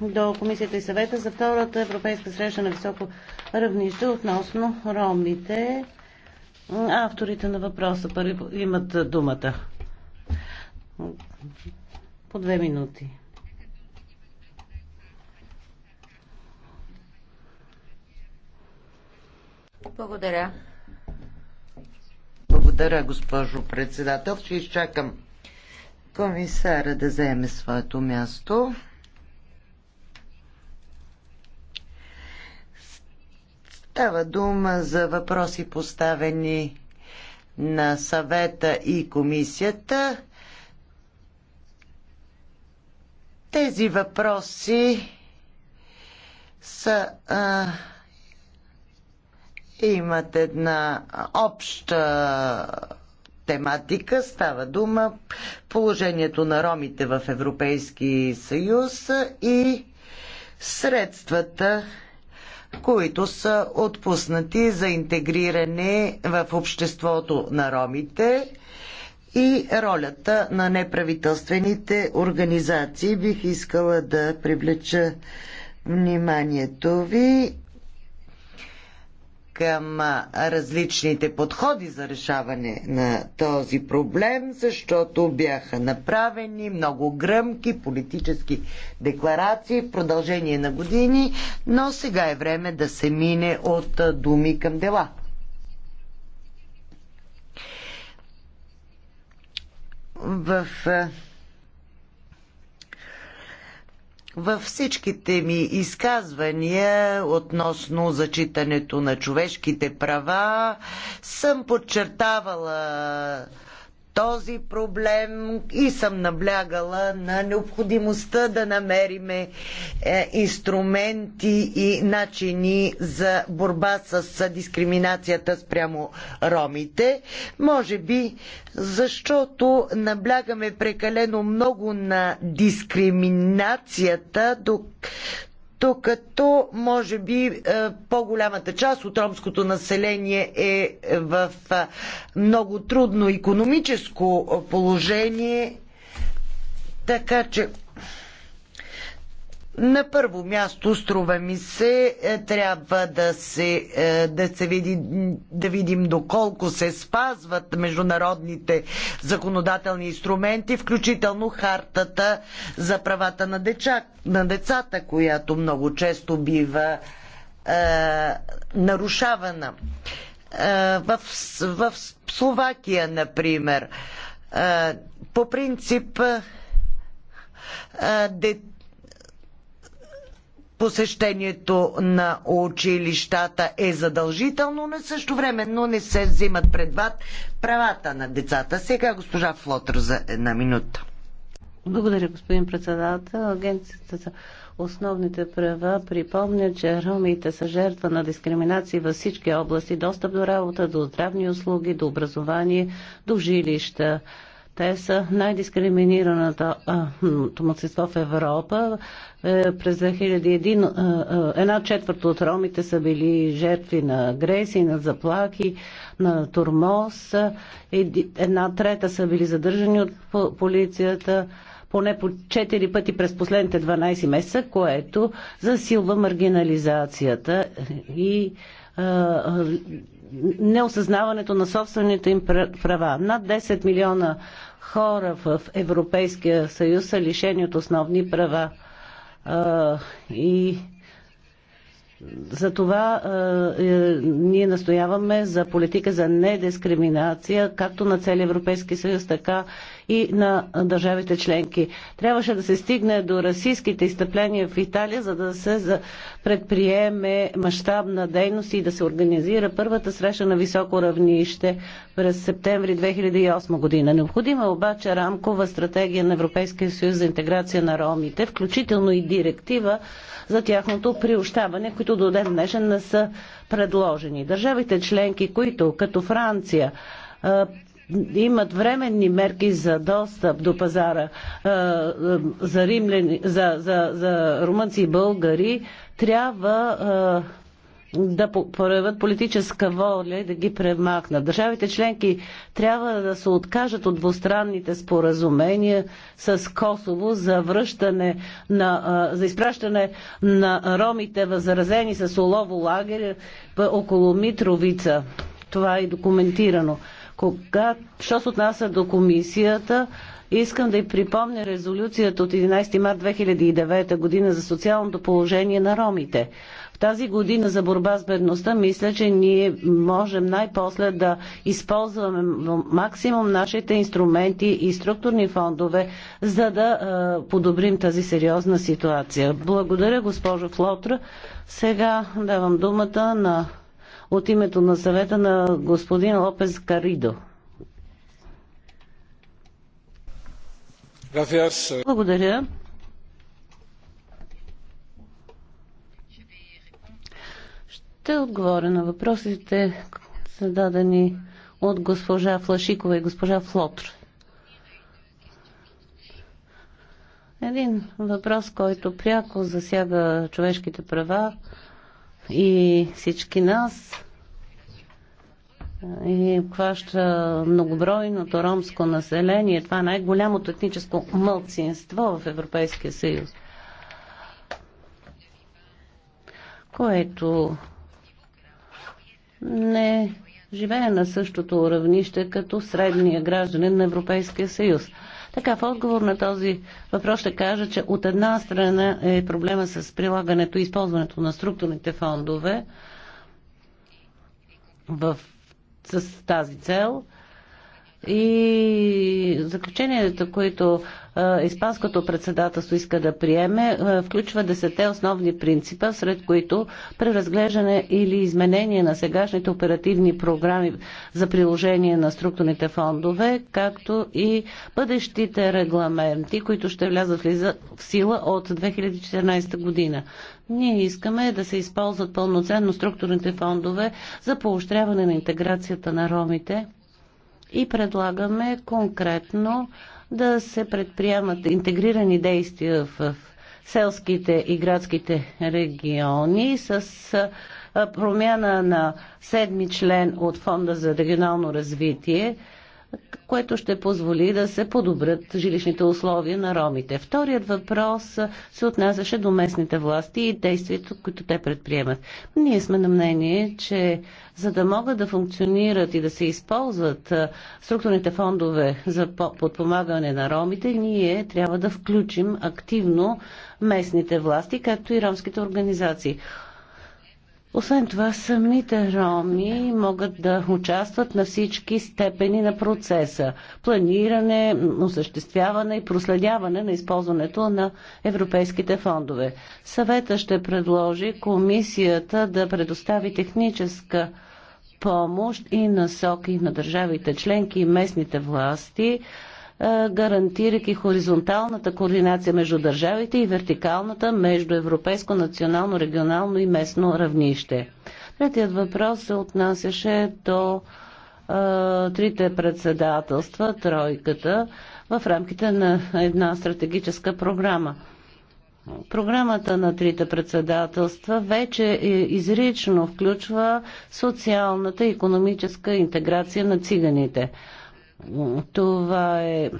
до Комисията и съвета за втората европейска среща на високо равнище относно ромите. Авторите на въпроса първи имат думата. По две минути. Благодаря. Благодаря, госпожо председател. Ще изчакам комисара да заеме своето място. Става дума за въпроси поставени на съвета и комисията. Тези въпроси са а, имат една обща тематика. Става дума положението на ромите в Европейски съюз и средствата които са отпуснати за интегриране в обществото на ромите и ролята на неправителствените организации. Бих искала да привлеча вниманието ви към различните подходи за решаване на този проблем, защото бяха направени много гръмки политически декларации в продължение на години, но сега е време да се мине от думи към дела. В във всичките ми изказвания относно зачитането на човешките права съм подчертавала този проблем и съм наблягала на необходимостта да намериме е, инструменти и начини за борба с дискриминацията спрямо ромите. Може би защото наблягаме прекалено много на дискриминацията, докато може би е, по-голямата част от ромското население е в е, много трудно економическо положение. Така че на първо място, струва ми се, е, трябва да се, е, да се види, да видим доколко се спазват международните законодателни инструменти, включително хартата за правата на, деча, на децата, която много често бива е, нарушавана. Е, в, в Словакия, например, е, по принцип е, дете посещението на училищата е задължително, но също времено не се взимат предвид правата на децата. Сега госпожа Флотър за една минута. Благодаря, господин председател. Агенцията за основните права припомня, че ромите са жертва на дискриминации във всички области. Достъп до работа, до здравни услуги, до образование, до жилища. Те са най-дискриминираната младсинство в Европа. Е, през 2001 е, една четвърта от ромите са били жертви на агресии, на заплахи, на турмоз. Е, една трета са били задържани от полицията поне по 4 пъти през последните 12 месеца, което засилва маргинализацията е, и неосъзнаването на собствените им права. Над 10 милиона хора в Европейския съюз са лишени от основни права. А, и за това е, ние настояваме за политика за недискриминация, както на целия Европейски съюз, така и на държавите членки. Трябваше да се стигне до расистските изтъпления в Италия, за да се предприеме мащабна дейност и да се организира първата среща на високо равнище през септември 2008 година. Необходима е обаче рамкова стратегия на Европейския съюз за интеграция на ромите, включително и директива за тяхното приощаване, които до ден днешен не са предложени. Държавите членки, които като Франция имат временни мерки за достъп до пазара за, римляни, за, за, за румънци и българи, трябва да проявят политическа воля и да ги премахнат. Държавите членки трябва да се откажат от двустранните споразумения с Косово за връщане на, за изпращане на ромите възразени с олово лагер около Митровица. Това е документирано. Кога, що се отнася до комисията, искам да й припомня резолюцията от 11 март 2009 година за социалното положение на ромите. В тази година за борба с бедността мисля, че ние можем най-после да използваме максимум нашите инструменти и структурни фондове, за да е, подобрим тази сериозна ситуация. Благодаря, госпожо Флотра. Сега давам думата на от името на съвета на господин Лопес Каридо. Благодаря. Ще отговоря на въпросите, зададени от госпожа Флашикова и госпожа Флотр. Един въпрос, който пряко засяга човешките права, и всички нас и обхваща многобройното ромско население. Това е най-голямото етническо мълцинство в Европейския съюз, което не живее на същото равнище като средния гражданин на Европейския съюз. Така, в отговор на този въпрос ще кажа, че от една страна е проблема с прилагането и използването на структурните фондове в, с тази цел. И заключенията, които Испанското председателство иска да приеме, включва десете основни принципа, сред които преразглеждане или изменение на сегашните оперативни програми за приложение на структурните фондове, както и бъдещите регламенти, които ще влязат в сила от 2014 година. Ние искаме да се използват пълноценно структурните фондове за поощряване на интеграцията на ромите и предлагаме конкретно да се предприемат интегрирани действия в селските и градските региони с промяна на седми член от Фонда за регионално развитие, което ще позволи да се подобрят жилищните условия на ромите. Вторият въпрос се отнасяше до местните власти и действието, които те предприемат. Ние сме на мнение, че за да могат да функционират и да се използват структурните фондове за подпомагане на ромите, ние трябва да включим активно местните власти, както и ромските организации. Освен това, самите роми могат да участват на всички степени на процеса планиране, осъществяване и проследяване на използването на европейските фондове. Съвета ще предложи комисията да предостави техническа помощ и насоки на държавите членки и местните власти гарантирайки хоризонталната координация между държавите и вертикалната между европейско, национално, регионално и местно равнище. Третият въпрос се отнасяше до трите председателства, тройката, в рамките на една стратегическа програма. Програмата на трите председателства вече е, изрично включва социалната и економическа интеграция на циганите. Това е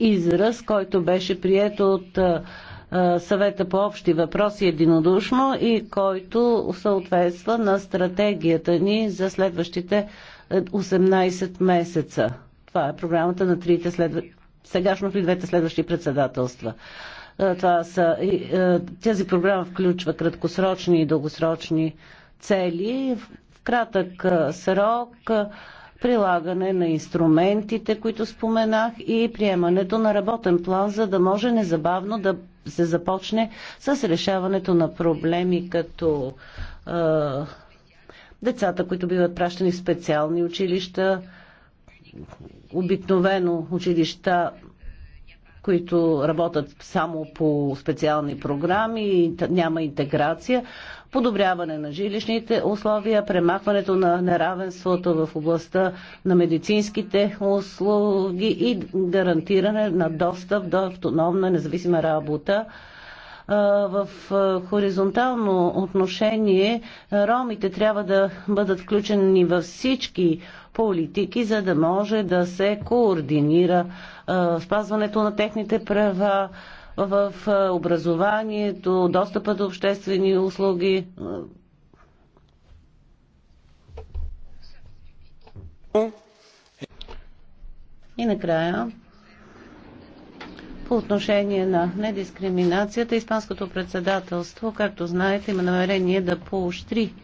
израз, който беше прият от съвета по общи въпроси единодушно и който съответства на стратегията ни за следващите 18 е, месеца. Това е програмата на трите следва... сегашното и двете следващи председателства. Това са... Е, тази програма включва краткосрочни и дългосрочни цели. В кратък е, срок прилагане на инструментите, които споменах и приемането на работен план, за да може незабавно да се започне с решаването на проблеми като е, децата, които биват пращани в специални училища, обикновено училища, които работят само по специални програми, няма интеграция подобряване на жилищните условия, премахването на неравенството в областта на медицинските услуги и гарантиране на достъп до автономна независима работа в хоризонтално отношение ромите трябва да бъдат включени във всички политики, за да може да се координира спазването на техните права, в образованието, достъпа до обществени услуги. И накрая, по отношение на недискриминацията, Испанското председателство, както знаете, има намерение да поощри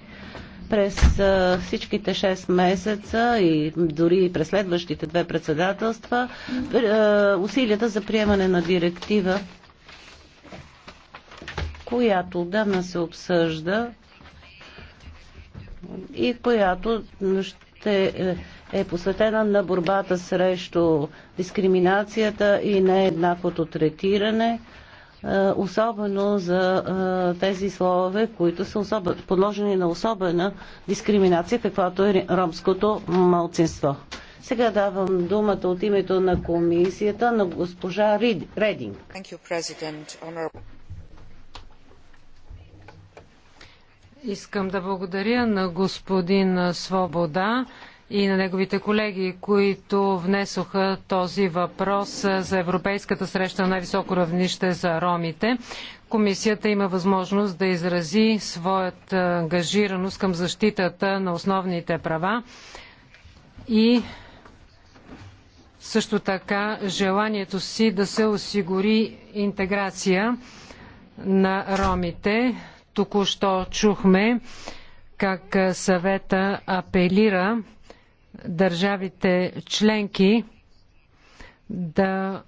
през всичките 6 месеца и дори през следващите две председателства усилията за приемане на директива която отдавна се обсъжда и която ще е, е посветена на борбата срещу дискриминацията и нееднаквото третиране, е, особено за е, тези слове, които са подложени на особена дискриминация, каквато е ромското малцинство. Сега давам думата от името на комисията на госпожа Ридинг. Искам да благодаря на господин Свобода и на неговите колеги, които внесоха този въпрос за Европейската среща на най-високо равнище за ромите. Комисията има възможност да изрази своята ангажираност към защитата на основните права и също така желанието си да се осигури интеграция на ромите Току-що чухме как съвета апелира държавите членки да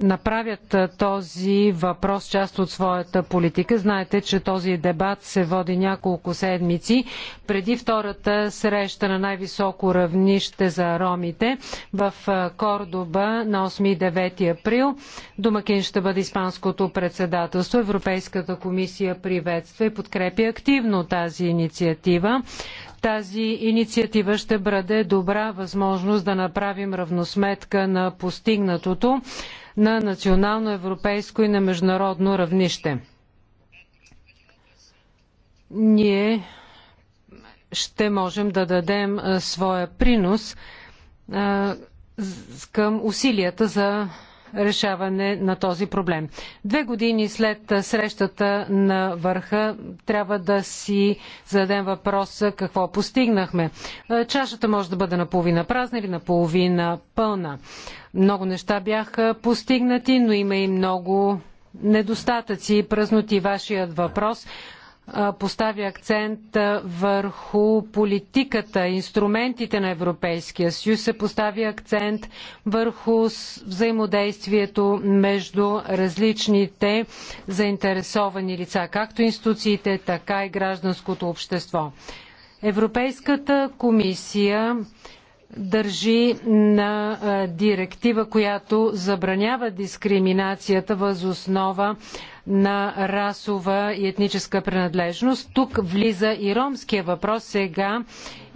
направят този въпрос част от своята политика. Знаете, че този дебат се води няколко седмици преди втората среща на най-високо равнище за ромите в Кордоба на 8 и 9 април. Домакин ще бъде Испанското председателство. Европейската комисия приветства и подкрепя активно тази инициатива. Тази инициатива ще бъде добра възможност да направим равносметка на постигнатото на национално, европейско и на международно равнище. Ние ще можем да дадем своя принос към усилията за решаване на този проблем. Две години след срещата на върха трябва да си зададем въпроса какво постигнахме. Чашата може да бъде наполовина празна или наполовина пълна. Много неща бяха постигнати, но има и много недостатъци и празноти. Вашият въпрос поставя акцент върху политиката, инструментите на Европейския съюз, се поставя акцент върху взаимодействието между различните заинтересовани лица, както институциите, така и гражданското общество. Европейската комисия държи на директива, която забранява дискриминацията въз основа на расова и етническа принадлежност. Тук влиза и ромския въпрос. Сега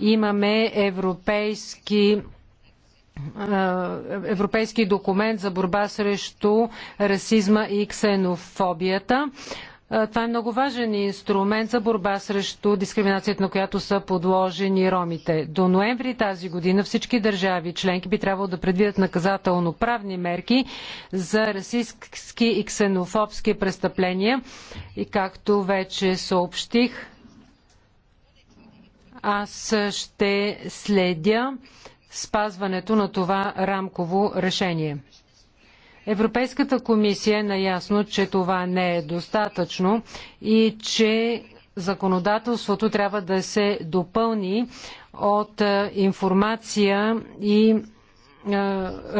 имаме европейски европейски документ за борба срещу расизма и ксенофобията. Е, това е много важен инструмент за борба срещу дискриминацията, на която са подложени ромите. До ноември тази година всички държави членки би трябвало да предвидят наказателно-правни мерки за расистски и ксенофобски престъпления. И както вече съобщих, аз ще следя спазването на това рамково решение. Европейската комисия е наясно, че това не е достатъчно и че законодателството трябва да се допълни от е, информация и е,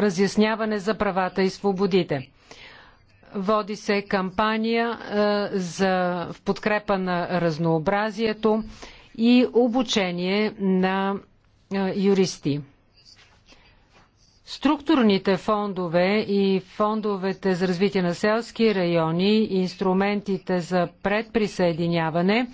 разясняване за правата и свободите. Води се кампания е, за, в подкрепа на разнообразието и обучение на юристи. Структурните фондове и фондовете за развитие на селски райони и инструментите за предприсъединяване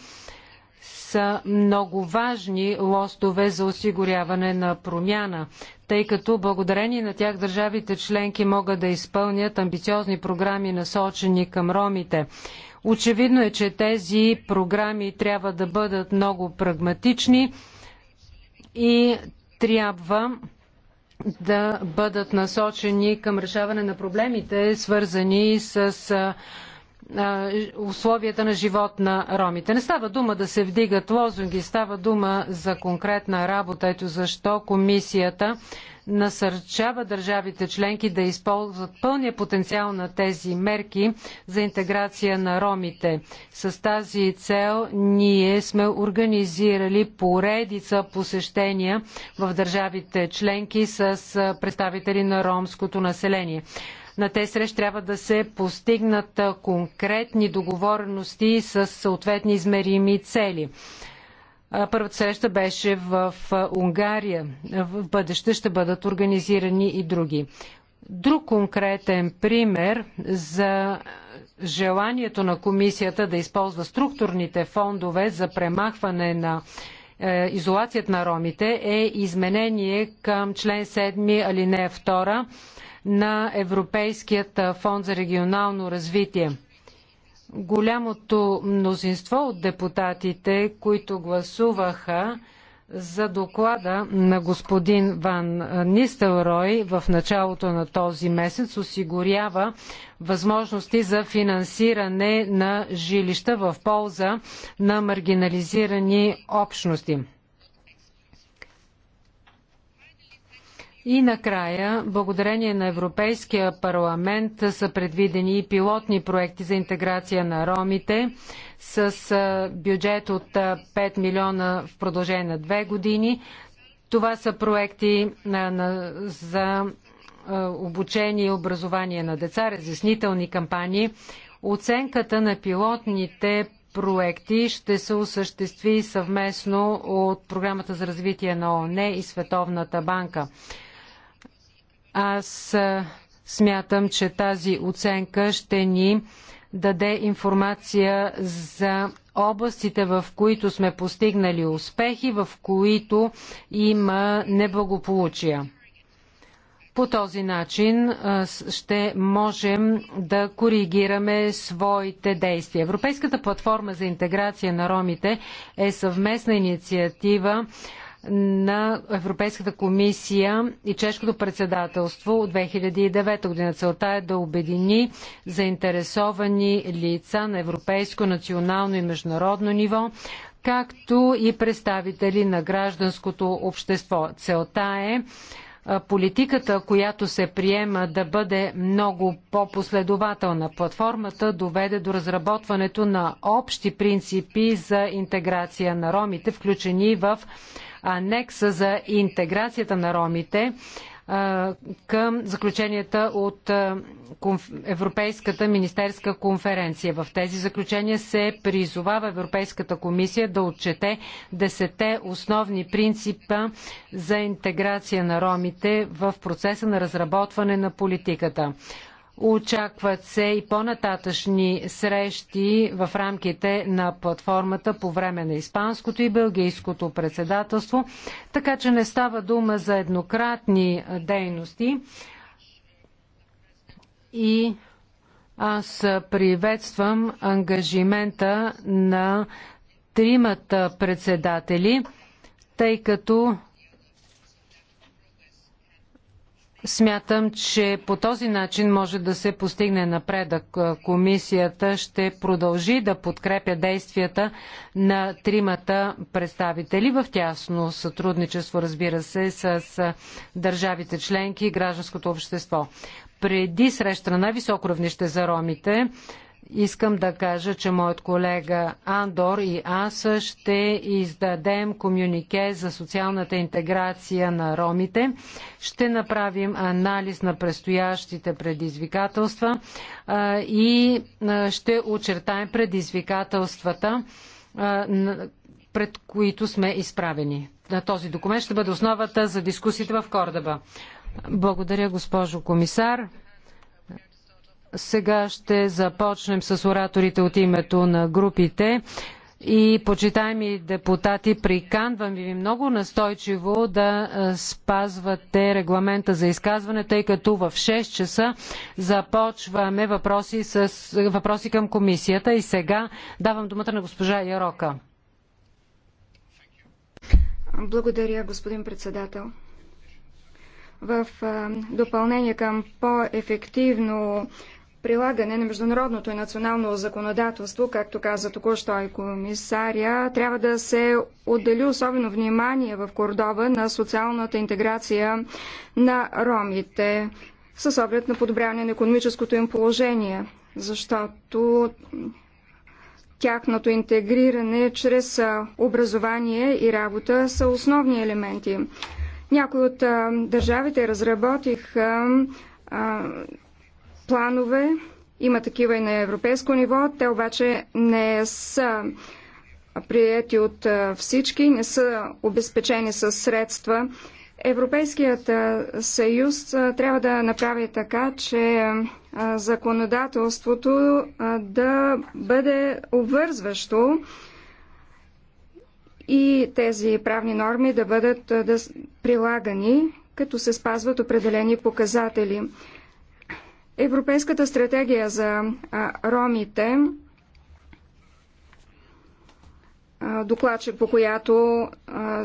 са много важни лостове за осигуряване на промяна, тъй като благодарение на тях държавите членки могат да изпълнят амбициозни програми насочени към ромите. Очевидно е, че тези програми трябва да бъдат много прагматични и трябва да бъдат насочени към решаване на проблемите, свързани с условията на живот на ромите. Не става дума да се вдигат лозунги, става дума за конкретна работа. Ето защо комисията насърчава държавите членки да използват пълния потенциал на тези мерки за интеграция на ромите. С тази цел ние сме организирали поредица посещения в държавите членки с представители на ромското население на тези срещи трябва да се постигнат конкретни договорености с съответни измерими цели. Първата среща беше в Унгария. В бъдеще ще бъдат организирани и други. Друг конкретен пример за желанието на комисията да използва структурните фондове за премахване на е, изолацията на ромите е изменение към член 7 алинея 2 на Европейският фонд за регионално развитие. Голямото мнозинство от депутатите, които гласуваха за доклада на господин Ван Нистелрой в началото на този месец осигурява възможности за финансиране на жилища в полза на маргинализирани общности. И накрая, благодарение на Европейския парламент са предвидени и пилотни проекти за интеграция на ромите с бюджет от 5 милиона в продължение на две години. Това са проекти на, на, за обучение и образование на деца, разяснителни кампании. Оценката на пилотните проекти ще се осъществи съвместно от Програмата за развитие на ООН и Световната банка. Аз смятам, че тази оценка ще ни даде информация за областите, в които сме постигнали успехи, в които има неблагополучия. По този начин ще можем да коригираме своите действия. Европейската платформа за интеграция на ромите е съвместна инициатива на Европейската комисия и чешкото председателство от 2009 година. Целта е да обедини заинтересовани лица на европейско, национално и международно ниво, както и представители на гражданското общество. Целта е политиката, която се приема да бъде много по-последователна. Платформата доведе до разработването на общи принципи за интеграция на ромите, включени в анекса за интеграцията на ромите към заключенията от Европейската министерска конференция. В тези заключения се призовава Европейската комисия да отчете десете основни принципа за интеграция на ромите в процеса на разработване на политиката. Очакват се и по-нататъчни срещи в рамките на платформата по време на испанското и бългийското председателство, така че не става дума за еднократни дейности. И аз приветствам ангажимента на тримата председатели, тъй като Смятам, че по този начин може да се постигне напредък. Комисията ще продължи да подкрепя действията на тримата представители в тясно сътрудничество, разбира се, с държавите членки и гражданското общество. Преди среща на най-високо равнище за ромите, Искам да кажа, че моят колега Андор и аз ще издадем комюнике за социалната интеграция на ромите. Ще направим анализ на предстоящите предизвикателства и ще очертаем предизвикателствата, пред които сме изправени. Този документ ще бъде основата за дискусията в Кордаба. Благодаря, госпожо комисар. Сега ще започнем с ораторите от името на групите. И, почитаеми депутати, приканвам ви много настойчиво да спазвате регламента за изказване, тъй като в 6 часа започваме въпроси, с, въпроси към комисията. И сега давам думата на госпожа Ярока. Благодаря, господин председател. В допълнение към по-ефективно прилагане на международното и национално законодателство, както каза току-що и комисаря, трябва да се отдели особено внимание в Кордова на социалната интеграция на ромите с оглед на подобряване на економическото им положение, защото тяхното интегриране чрез образование и работа са основни елементи. Някои от държавите разработиха планове. Има такива и на европейско ниво. Те обаче не са приети от всички, не са обезпечени с средства. Европейският съюз трябва да направи така, че законодателството да бъде обвързващо и тези правни норми да бъдат прилагани, като се спазват определени показатели. Европейската стратегия за ромите, докладчик по която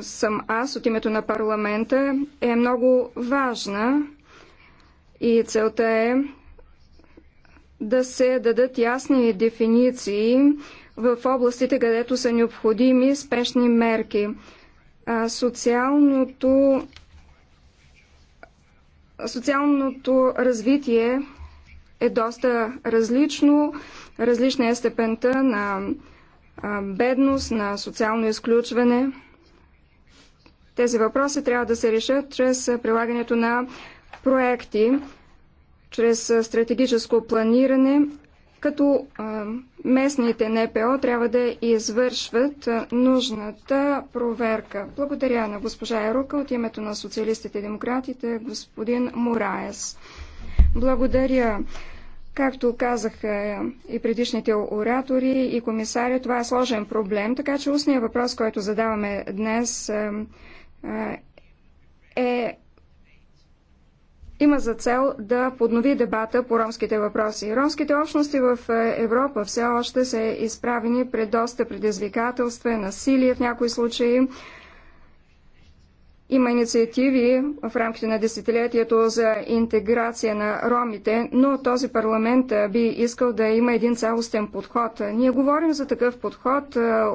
съм аз от името на парламента, е много важна и целта е да се дадат ясни дефиниции в областите, където са необходими спешни мерки. Социалното социалното развитие е доста различно. Различна е степента на бедност, на социално изключване. Тези въпроси трябва да се решат чрез прилагането на проекти, чрез стратегическо планиране, като местните НПО трябва да извършват нужната проверка. Благодаря на госпожа Ерука от името на социалистите и демократите, господин Мураес. Благодаря. Както казах е, и предишните оратори и комисаря, това е сложен проблем, така че устният въпрос, който задаваме днес е, е, е има за цел да поднови дебата по ромските въпроси. Ромските общности в Европа все още са изправени пред доста предизвикателства, насилие в някои случаи, има инициативи в рамките на десетилетието за интеграция на ромите, но този парламент би искал да има един цялостен подход. Ние говорим за такъв подход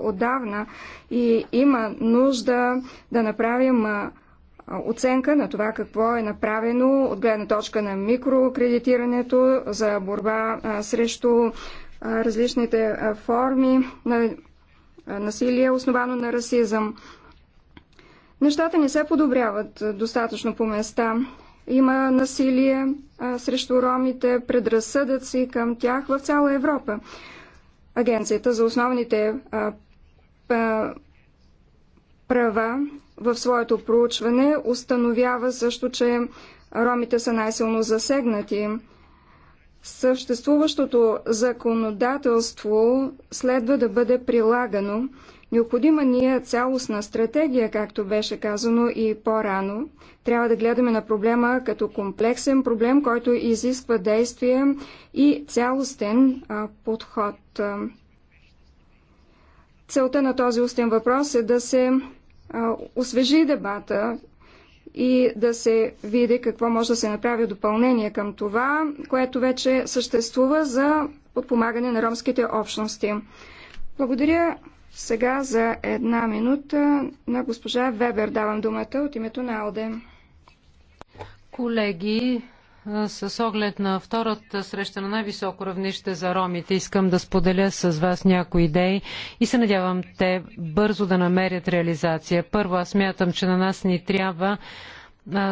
отдавна и има нужда да направим оценка на това какво е направено от гледна точка на микрокредитирането за борба срещу различните форми на насилие, основано на расизъм. Нещата не се подобряват достатъчно по места. Има насилие а, срещу ромите, предразсъдъци към тях в цяла Европа. Агенцията за основните а, а, права в своето проучване установява също, че ромите са най-силно засегнати. Съществуващото законодателство следва да бъде прилагано Необходима ни е цялостна стратегия, както беше казано и по-рано. Трябва да гледаме на проблема като комплексен проблем, който изисква действие и цялостен а, подход. Целта на този устен въпрос е да се а, освежи дебата и да се види какво може да се направи допълнение към това, което вече съществува за подпомагане на ромските общности. Благодаря сега за една минута на госпожа Вебер давам думата от името на Алде. Колеги, с оглед на втората среща на най-високо равнище за ромите, искам да споделя с вас някои идеи и се надявам те бързо да намерят реализация. Първо, аз мятам, че на нас ни трябва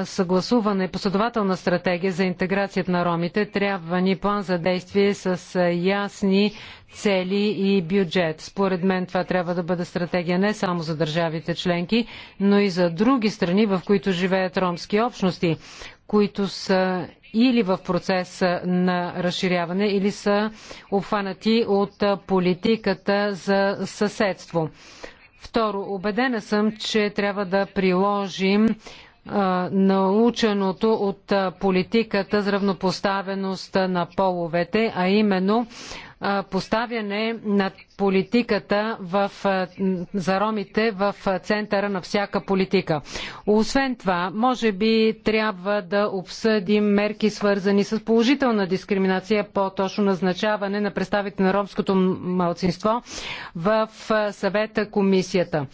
съгласувана и последователна стратегия за интеграцията на ромите, трябва ни план за действие с ясни цели и бюджет. Според мен това трябва да бъде стратегия не само за държавите членки, но и за други страни, в които живеят ромски общности, които са или в процес на разширяване, или са обхванати от политиката за съседство. Второ, убедена съм, че трябва да приложим наученото от политиката за равнопоставеност на половете, а именно поставяне на политиката в, за ромите в центъра на всяка политика. Освен това, може би трябва да обсъдим мерки свързани с положителна дискриминация, по-точно назначаване на представите на ромското малцинство в съвета комисията.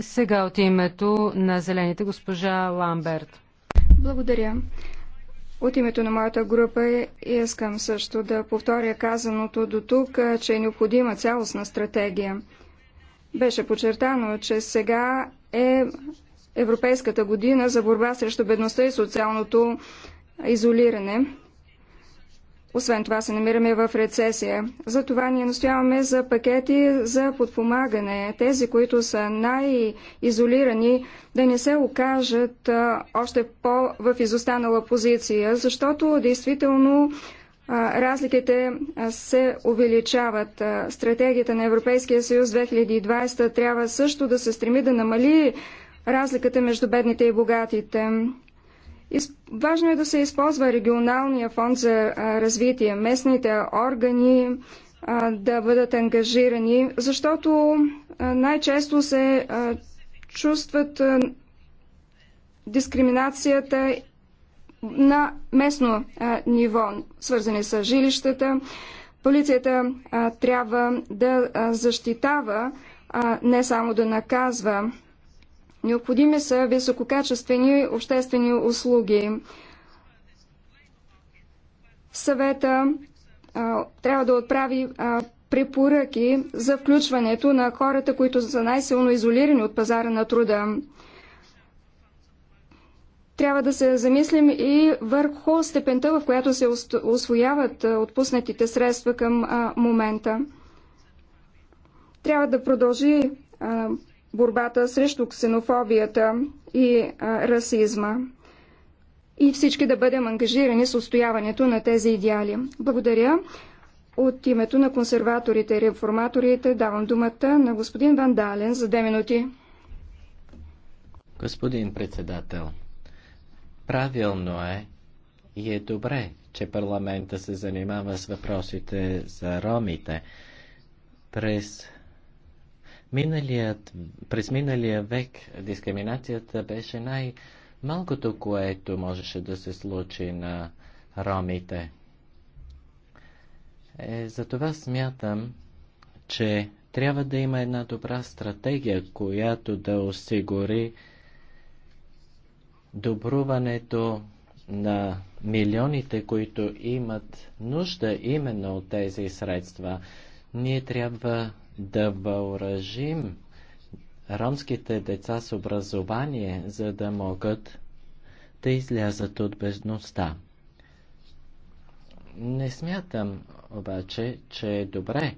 Сега от името на Зелените госпожа Ламберт. Благодаря. От името на моята група искам също да повторя казаното до тук, че е необходима цялостна стратегия. Беше подчертано, че сега е Европейската година за борба срещу бедността и социалното изолиране. Освен това се намираме в рецесия. Затова ние настояваме за пакети за подпомагане. Тези, които са най-изолирани, да не се окажат а, още по в изостанала позиция, защото действително а, разликите а, се увеличават. Стратегията на Европейския съюз 2020 трябва също да се стреми да намали разликата между бедните и богатите. Важно е да се използва регионалния фонд за развитие, местните органи да бъдат ангажирани, защото най-често се чувстват дискриминацията на местно ниво, свързани с жилищата. Полицията трябва да защитава, не само да наказва Необходими са висококачествени обществени услуги. Съвета а, трябва да отправи а, препоръки за включването на хората, които са най-силно изолирани от пазара на труда. Трябва да се замислим и върху степента, в която се освояват отпуснатите средства към а, момента. Трябва да продължи а, борбата срещу ксенофобията и а, расизма и всички да бъдем ангажирани с устояването на тези идеали. Благодаря. От името на консерваторите и реформаторите давам думата на господин Ван Дален за две минути. Господин председател, правилно е и е добре, че парламента се занимава с въпросите за ромите. През Миналият, през миналия век дискриминацията беше най-малкото, което можеше да се случи на ромите. Е, затова смятам, че трябва да има една добра стратегия, която да осигури добруването на милионите, които имат нужда именно от тези средства. Ние трябва да въоръжим ромските деца с образование, за да могат да излязат от бедността. Не смятам обаче, че е добре,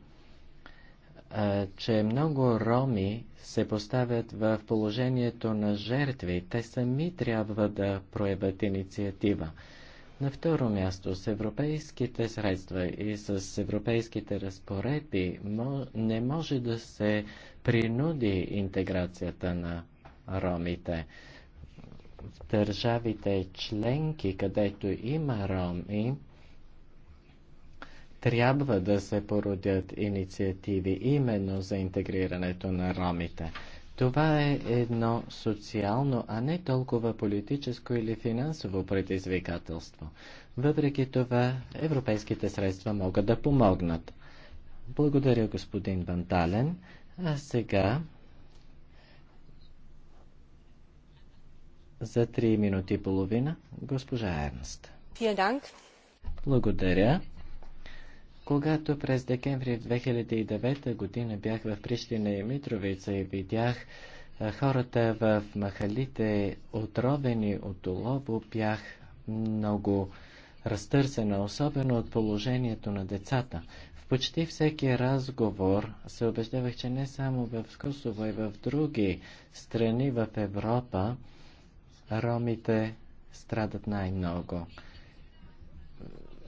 че много роми се поставят в положението на жертви. Те сами трябва да проявят инициатива. На второ място, с европейските средства и с европейските разпоредби не може да се принуди интеграцията на ромите. В държавите членки, където има роми, трябва да се породят инициативи именно за интегрирането на ромите. Това е едно социално, а не толкова политическо или финансово предизвикателство. Въпреки това, европейските средства могат да помогнат. Благодаря, господин Вантален. А сега за три минути и половина госпожа Ернст. Благодаря. Когато през декември 2009 година бях в Прищина и Митровица и видях хората в махалите отровени от улово, бях много разтърсена, особено от положението на децата. В почти всеки разговор се убеждавах, че не само в Косово и в други страни в Европа ромите страдат най-много.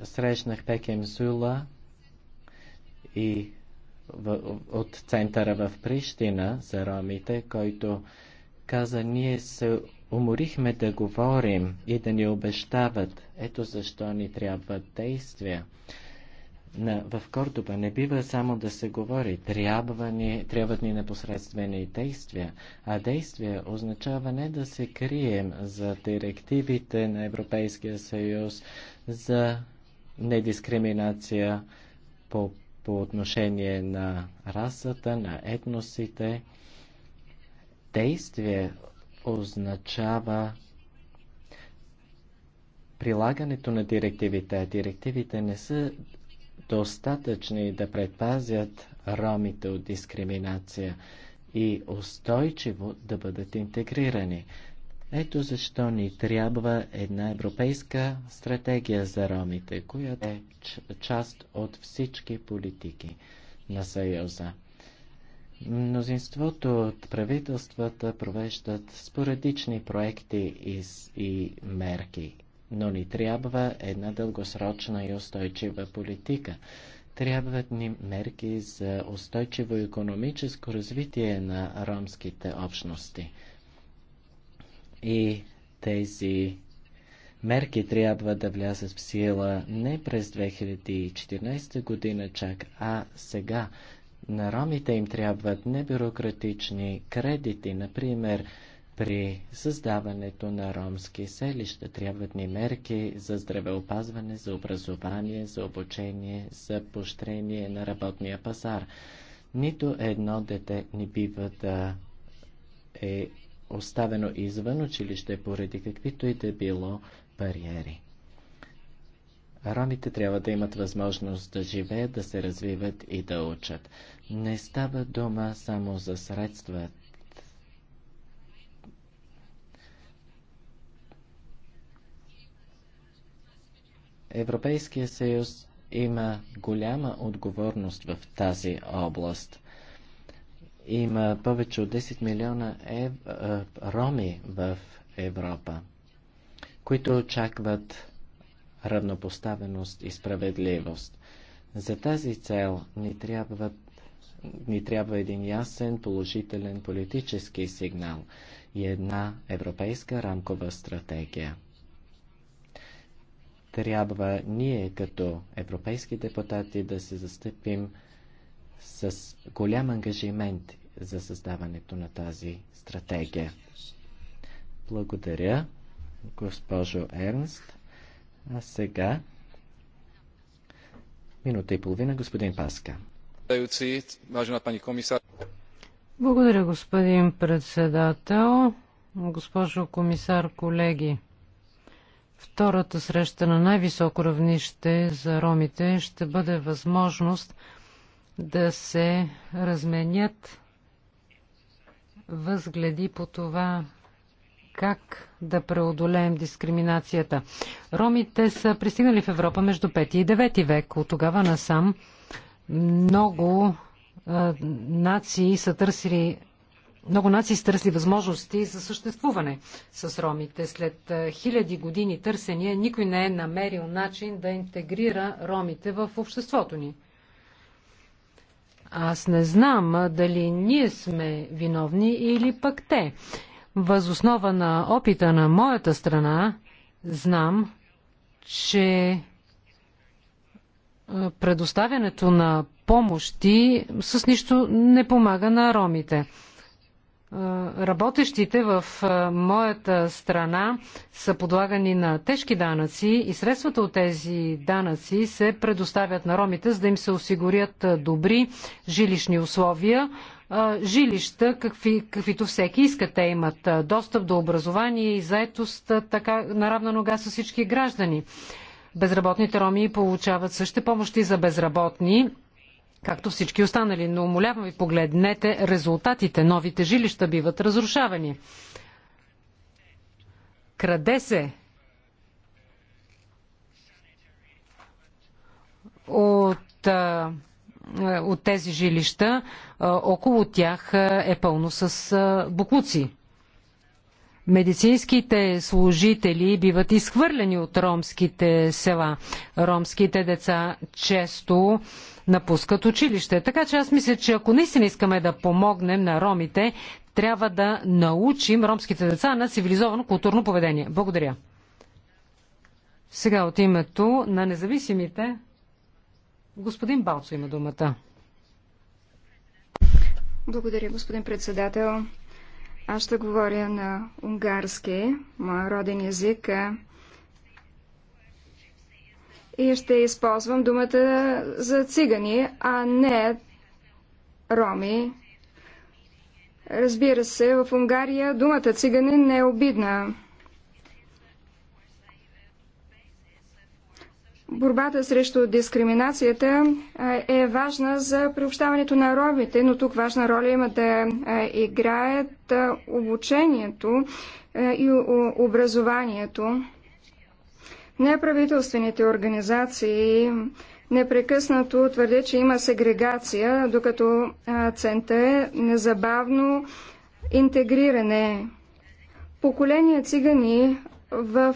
Срещнах Пекем Сула, и в, от центъра в Прищина за ромите, който каза, ние се уморихме да говорим и да ни обещават. Ето защо ни трябва действия. На, в Кордоба не бива само да се говори. Трябва ни, трябват ни непосредствени действия. А действия означава не да се крием за директивите на Европейския съюз, за недискриминация по по отношение на расата, на етносите. Действие означава прилагането на директивите. Директивите не са достатъчни да предпазят ромите от дискриминация и устойчиво да бъдат интегрирани. Ето защо ни трябва една европейска стратегия за ромите, която е част от всички политики на Съюза. Мнозинството от правителствата провеждат споредични проекти и, мерки, но ни трябва една дългосрочна и устойчива политика. Трябват ни мерки за устойчиво економическо развитие на ромските общности. И тези мерки трябва да влязат в сила не през 2014 година чак, а сега. На ромите им трябват небюрократични кредити, например, при създаването на ромски селища трябват ни мерки за здравеопазване, за образование, за обучение, за поощрение на работния пазар. Нито едно дете не бива да е оставено извън училище поради каквито и да било бариери. Ромите трябва да имат възможност да живеят, да се развиват и да учат. Не става дума само за средства. Европейския съюз има голяма отговорност в тази област има повече от 10 милиона ев... роми в Европа, които очакват равнопоставеност и справедливост. За тази цел ни трябва, ни трябва един ясен положителен политически сигнал и една европейска рамкова стратегия. Трябва ние като европейски депутати да се застъпим с голям ангажимент за създаването на тази стратегия. Благодаря, госпожо Ернст. А сега минута и половина, господин Паска. Благодаря, господин председател. Госпожо комисар, колеги, втората среща на най-високо равнище за ромите ще бъде възможност да се разменят възгледи по това как да преодолеем дискриминацията. Ромите са пристигнали в Европа между 5 и 9 век. От тогава насам много а, нации са търсили много нации са търсили възможности за съществуване с ромите. След а, хиляди години търсения никой не е намерил начин да интегрира ромите в обществото ни. Аз не знам дали ние сме виновни или пък те. Възоснова на опита на моята страна знам, че предоставянето на помощи с нищо не помага на ромите работещите в моята страна са подлагани на тежки данъци и средствата от тези данъци се предоставят на ромите, за да им се осигурят добри жилищни условия, жилища, какви, каквито всеки иска. Те имат достъп до образование и заетост така, на равна нога с всички граждани. Безработните роми получават същите помощи за безработни както всички останали. Но умолявам ви, погледнете резултатите. Новите жилища биват разрушавани. Краде се от, от тези жилища. Около тях е пълно с буклуци медицинските служители биват изхвърлени от ромските села. Ромските деца често напускат училище. Така че аз мисля, че ако наистина искаме да помогнем на ромите, трябва да научим ромските деца на цивилизовано културно поведение. Благодаря. Сега от името на независимите господин Балцо има думата. Благодаря, господин председател. Аз ще говоря на унгарски, моя роден език. Е. И ще използвам думата за цигани, а не роми. Разбира се, в Унгария думата цигани не е обидна. Борбата срещу дискриминацията е важна за приобщаването на ромите, но тук важна роля има да играят обучението и образованието. Неправителствените организации непрекъснато твърдят, че има сегрегация, докато цента е незабавно интегриране. Поколения цигани в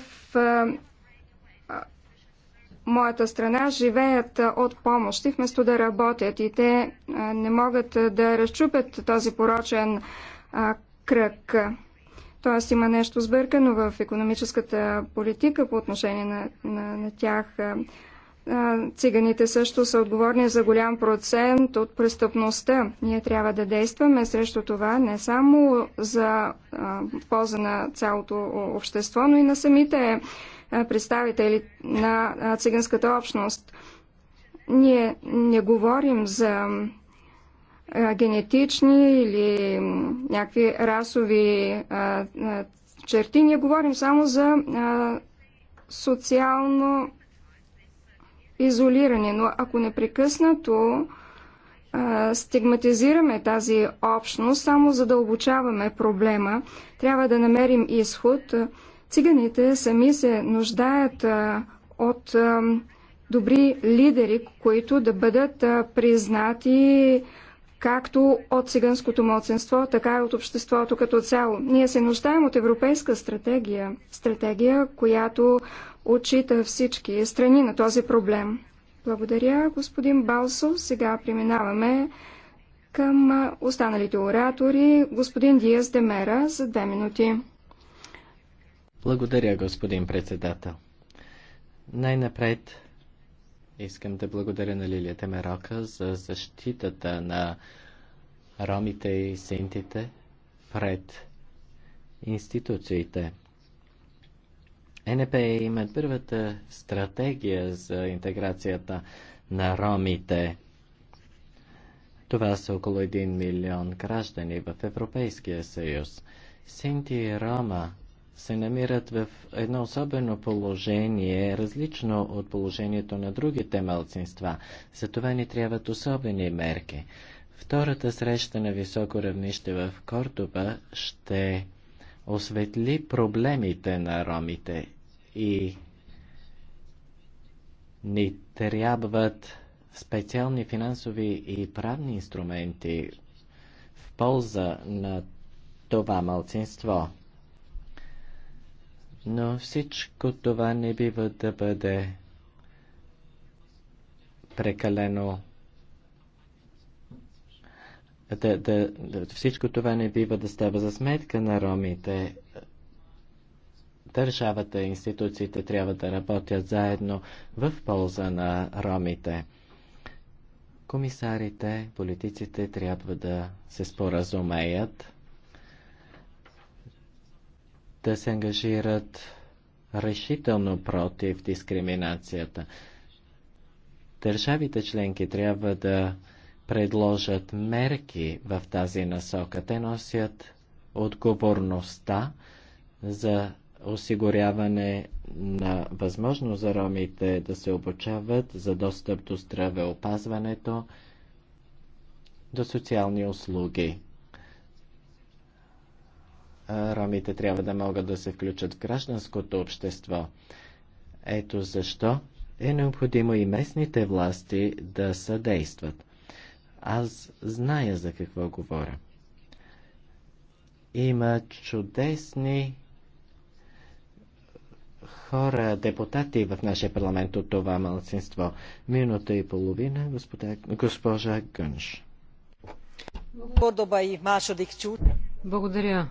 моята страна живеят от помощи, вместо да работят и те не могат да разчупят този порочен кръг. Тоест има нещо сбъркано в економическата политика по отношение на, на, на тях. Циганите също са отговорни за голям процент от престъпността. Ние трябва да действаме срещу това не само за а, полза на цялото общество, но и на самите представители на циганската общност. Ние не говорим за генетични или някакви расови черти. Ние говорим само за социално изолиране. Но ако непрекъснато стигматизираме тази общност, само задълбочаваме проблема. Трябва да намерим изход. Циганите сами се нуждаят от добри лидери, които да бъдат признати както от циганското младсенство, така и от обществото като цяло. Ние се нуждаем от европейска стратегия, стратегия, която отчита всички страни на този проблем. Благодаря, господин Балсов. Сега преминаваме към останалите оратори. Господин Диас Демера за две минути. Благодаря, господин председател. Най-напред искам да благодаря на Лилия Темерока за защитата на ромите и синтите пред институциите. НП има първата стратегия за интеграцията на ромите. Това са около 1 милион граждани в Европейския съюз. Синти и Рома се намират в едно особено положение, различно от положението на другите малцинства. За това ни трябват особени мерки. Втората среща на високо равнище в Кордоба ще осветли проблемите на ромите и ни трябват специални финансови и правни инструменти в полза на това малцинство. Но всичко това не бива да бъде прекалено. Да, да, да, всичко това не бива да става за сметка на ромите. Държавата и институциите трябва да работят заедно в полза на ромите. Комисарите, политиците трябва да се споразумеят да се ангажират решително против дискриминацията. Държавите членки трябва да предложат мерки в тази насока. Те носят отговорността за осигуряване на възможност за ромите да се обучават, за достъп до здравеопазването, до социални услуги ромите трябва да могат да се включат в гражданското общество. Ето защо е необходимо и местните власти да съдействат. Аз зная за какво говоря. Има чудесни хора, депутати в нашия парламент от това малцинство. Минута и половина, господа, госпожа Гънш. Благодаря.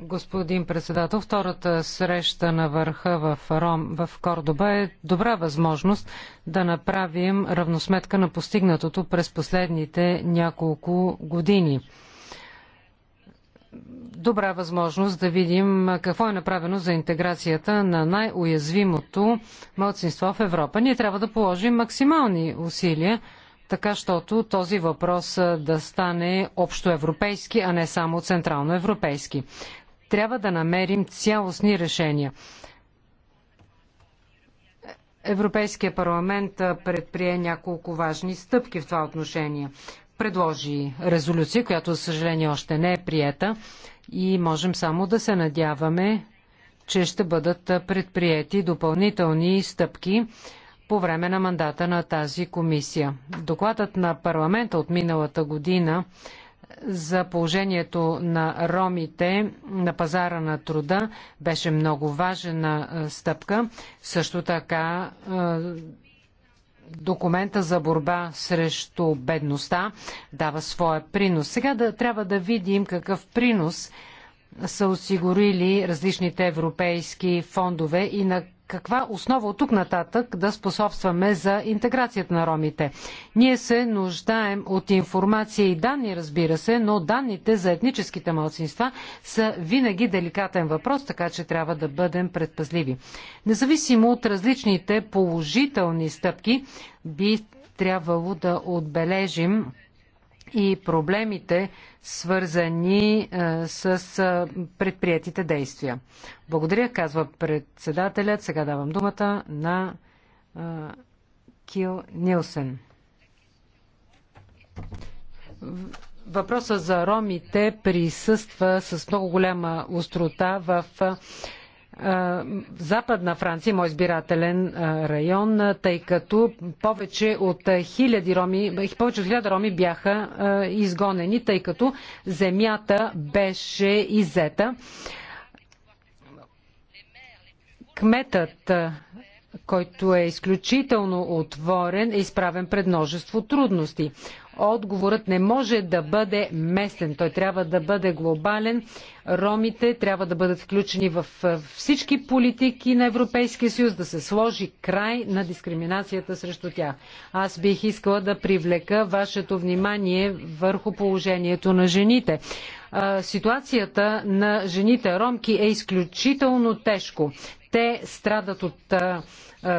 Господин председател, втората среща на върха в, Ром, в Кордоба е добра възможност да направим равносметка на постигнатото през последните няколко години. Добра възможност да видим какво е направено за интеграцията на най-уязвимото младсинство в Европа. Ние трябва да положим максимални усилия така щото този въпрос да стане общоевропейски, а не само централноевропейски. Трябва да намерим цялостни решения. Европейския парламент предприе няколко важни стъпки в това отношение. Предложи резолюция, която, за съжаление, още не е приета и можем само да се надяваме, че ще бъдат предприяти допълнителни стъпки по време на мандата на тази комисия. Докладът на парламента от миналата година за положението на ромите на пазара на труда беше много важна стъпка. Също така документа за борба срещу бедността дава своя принос. Сега да, трябва да видим какъв принос са осигурили различните европейски фондове и на каква основа от тук нататък да способстваме за интеграцията на ромите. Ние се нуждаем от информация и данни, разбира се, но данните за етническите малцинства са винаги деликатен въпрос, така че трябва да бъдем предпазливи. Независимо от различните положителни стъпки, би трябвало да отбележим и проблемите, свързани е, с е, предприятите действия. Благодаря, казва председателят. Сега давам думата на е, Кил Нилсен. Въпросът за ромите присъства с много голяма острота в Западна Франция, мой избирателен район, тъй като повече от хиляди роми, повече от хиляда роми бяха изгонени, тъй като земята беше иззета. Кметът, който е изключително отворен, е изправен пред множество трудности отговорът не може да бъде местен. Той трябва да бъде глобален. Ромите трябва да бъдат включени в всички политики на Европейския съюз, да се сложи край на дискриминацията срещу тях. Аз бих искала да привлека вашето внимание върху положението на жените. Ситуацията на жените ромки е изключително тежко. Те страдат от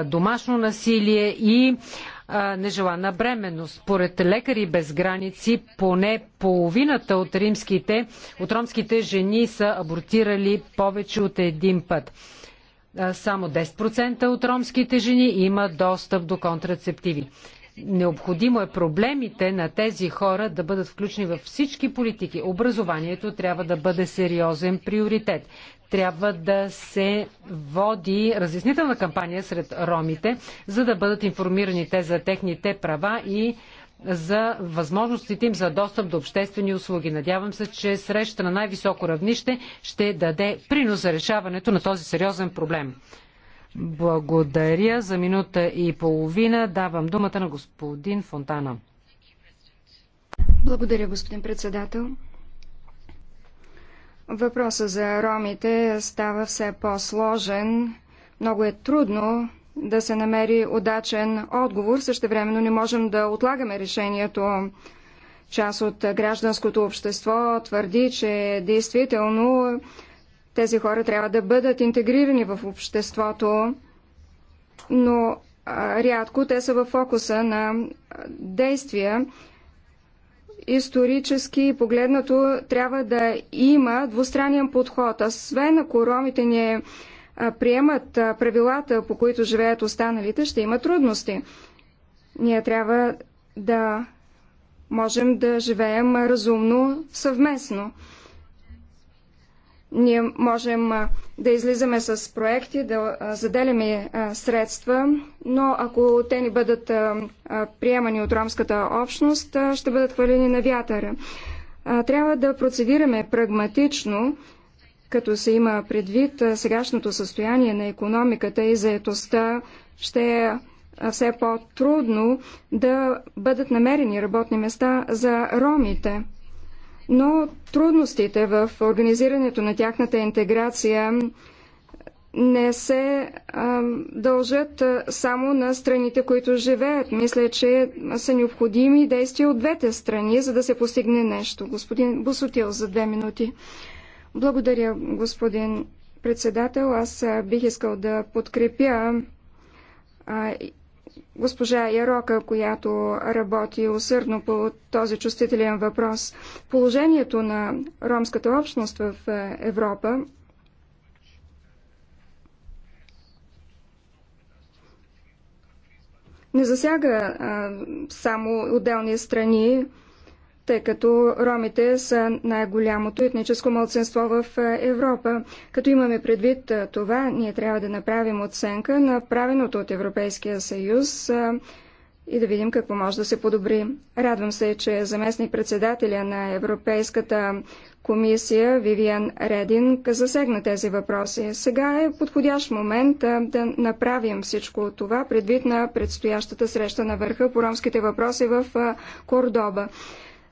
домашно насилие и нежелана бременност. Според лекари без граници, поне половината от римските, от ромските жени са абортирали повече от един път. Само 10% от ромските жени има достъп до контрацептиви. Необходимо е проблемите на тези хора да бъдат включени във всички политики. Образованието трябва да бъде сериозен приоритет трябва да се води разяснителна кампания сред ромите, за да бъдат информирани те за техните права и за възможностите им за достъп до обществени услуги. Надявам се, че среща на най-високо равнище ще даде принос за решаването на този сериозен проблем. Благодаря за минута и половина. Давам думата на господин Фонтана. Благодаря, господин председател. Въпросът за ромите става все по-сложен. Много е трудно да се намери удачен отговор. Същевременно не можем да отлагаме решението. Част от гражданското общество твърди, че действително тези хора трябва да бъдат интегрирани в обществото, но рядко те са в фокуса на действия исторически погледнато трябва да има двустранен подход. Освен ако ромите не приемат правилата, по които живеят останалите, ще има трудности. Ние трябва да можем да живеем разумно съвместно. Ние можем да излизаме с проекти, да заделяме средства, но ако те ни бъдат приемани от ромската общност, ще бъдат хвалени на вятъра. Трябва да процедираме прагматично, като се има предвид сегашното състояние на економиката и заетостта, ще е все по-трудно да бъдат намерени работни места за ромите но трудностите в организирането на тяхната интеграция не се а, дължат само на страните, които живеят. Мисля, че са необходими действия от двете страни, за да се постигне нещо. Господин Бусотил, за две минути. Благодаря, господин председател. Аз бих искал да подкрепя а, госпожа Ярока, която работи усърдно по този чувствителен въпрос. Положението на ромската общност в е, Европа не засяга а, само отделни страни, тъй като ромите са най-голямото етническо мълценство в е, Европа. Като имаме предвид е, това, ние трябва да направим оценка на правеното от Европейския съюз е, и да видим какво може да се подобри. Радвам се, че заместник председателя на Европейската комисия Вивиан Редин засегна тези въпроси. Сега е подходящ момент да направим всичко това предвид на предстоящата среща на върха по ромските въпроси в Кордоба.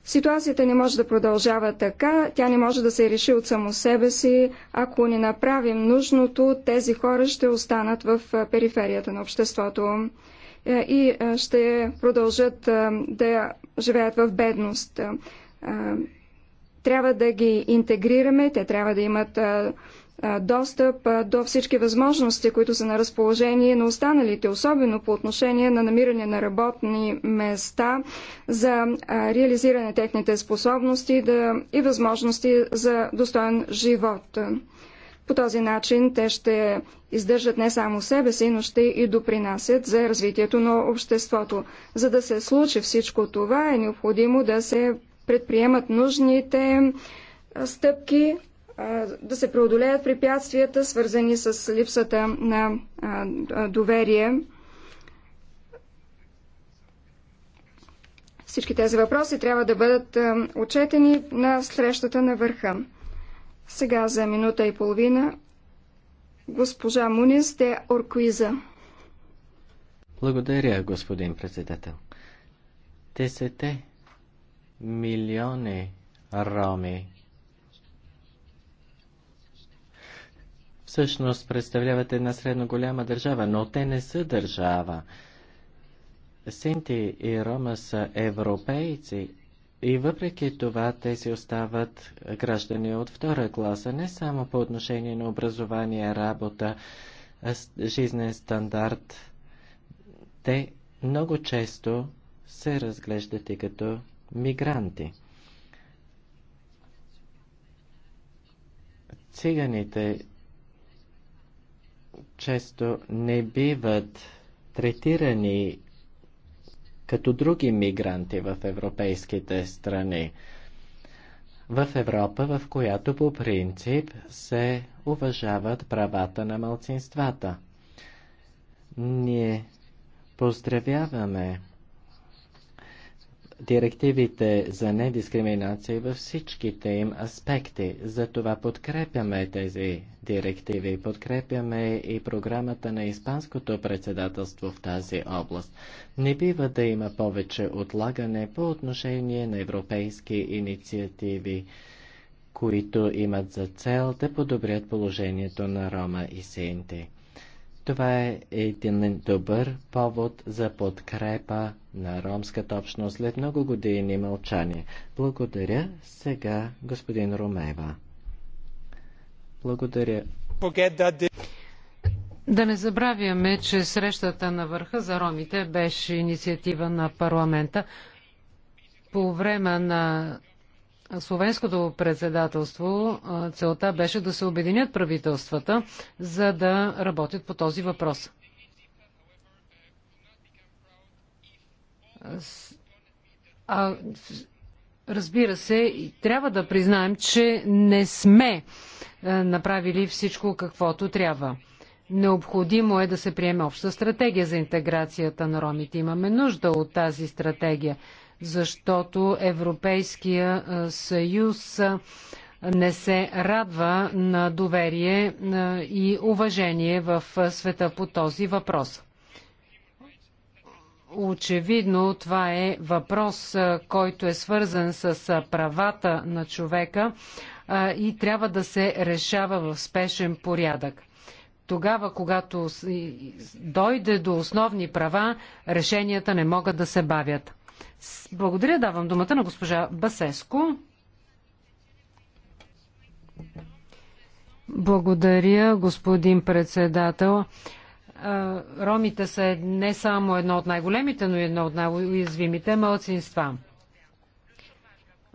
Ситуацията не може да продължава така, тя не може да се реши от само себе си. Ако не направим нужното, тези хора ще останат в периферията на обществото е, и ще продължат да живеят в бедност. Трябва да ги интегрираме, те трябва да имат достъп до всички възможности, които са на разположение на останалите, особено по отношение на намиране на работни места за реализиране на техните способности и възможности за достоен живот. По този начин те ще издържат не само себе си, но ще и допринасят за развитието на обществото. За да се случи всичко това, е необходимо да се предприемат нужните стъпки да се преодолеят препятствията, свързани с липсата на доверие. Всички тези въпроси трябва да бъдат отчетени на срещата на върха. Сега за минута и половина госпожа Мунис де Оркуиза. Благодаря, господин председател. Десете милиони роми всъщност представляват една средно голяма държава, но те не са държава. Синти и Рома са европейци и въпреки това те си остават граждани от втора класа, не само по отношение на образование, работа, жизнен стандарт. Те много често се разглеждат и като мигранти. Циганите често не биват третирани като други мигранти в европейските страни. В Европа, в която по принцип се уважават правата на малцинствата. Ние поздравяваме директивите за недискриминация във всичките им аспекти. Затова подкрепяме тези директиви, подкрепяме и програмата на Испанското председателство в тази област. Не бива да има повече отлагане по отношение на европейски инициативи, които имат за цел да подобрят положението на Рома и Синти. Това е един добър повод за подкрепа на ромската общност след много години мълчание. Благодаря сега господин Ромева. Благодаря. Да не забравяме, че срещата на върха за ромите беше инициатива на парламента. По време на Словенското председателство целта беше да се обединят правителствата, за да работят по този въпрос. А, разбира се, трябва да признаем, че не сме е, направили всичко каквото трябва. Необходимо е да се приеме обща стратегия за интеграцията на ромите. Имаме нужда от тази стратегия защото Европейския съюз не се радва на доверие и уважение в света по този въпрос. Очевидно това е въпрос, който е свързан с правата на човека и трябва да се решава в спешен порядък. Тогава, когато дойде до основни права, решенията не могат да се бавят. Благодаря. Давам думата на госпожа Басеско. Благодаря, господин председател. Ромите са не само едно от най-големите, но и едно от най-уязвимите мълцинства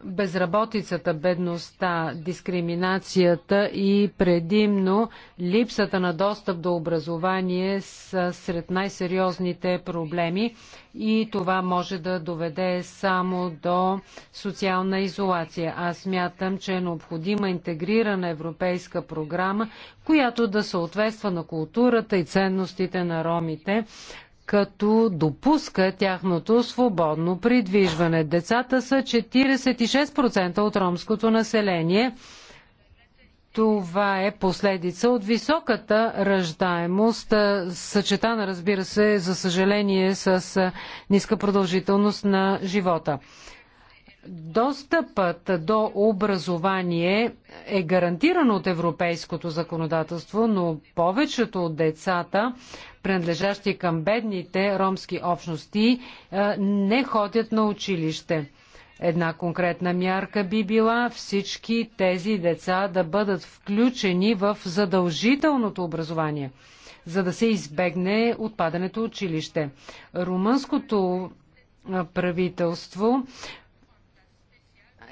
безработицата, бедността, дискриминацията и предимно липсата на достъп до образование са сред най-сериозните проблеми и това може да доведе само до социална изолация. Аз мятам, че е необходима интегрирана европейска програма, която да съответства на културата и ценностите на ромите, като допуска тяхното свободно придвижване. Децата са 46% от ромското население. Това е последица от високата ръждаемост, съчетана, разбира се, за съжаление, с ниска продължителност на живота. Достъпът до образование е гарантиран от европейското законодателство, но повечето от децата, принадлежащи към бедните ромски общности, е, не ходят на училище. Една конкретна мярка би била всички тези деца да бъдат включени в задължителното образование, за да се избегне отпадането училище. Румънското правителство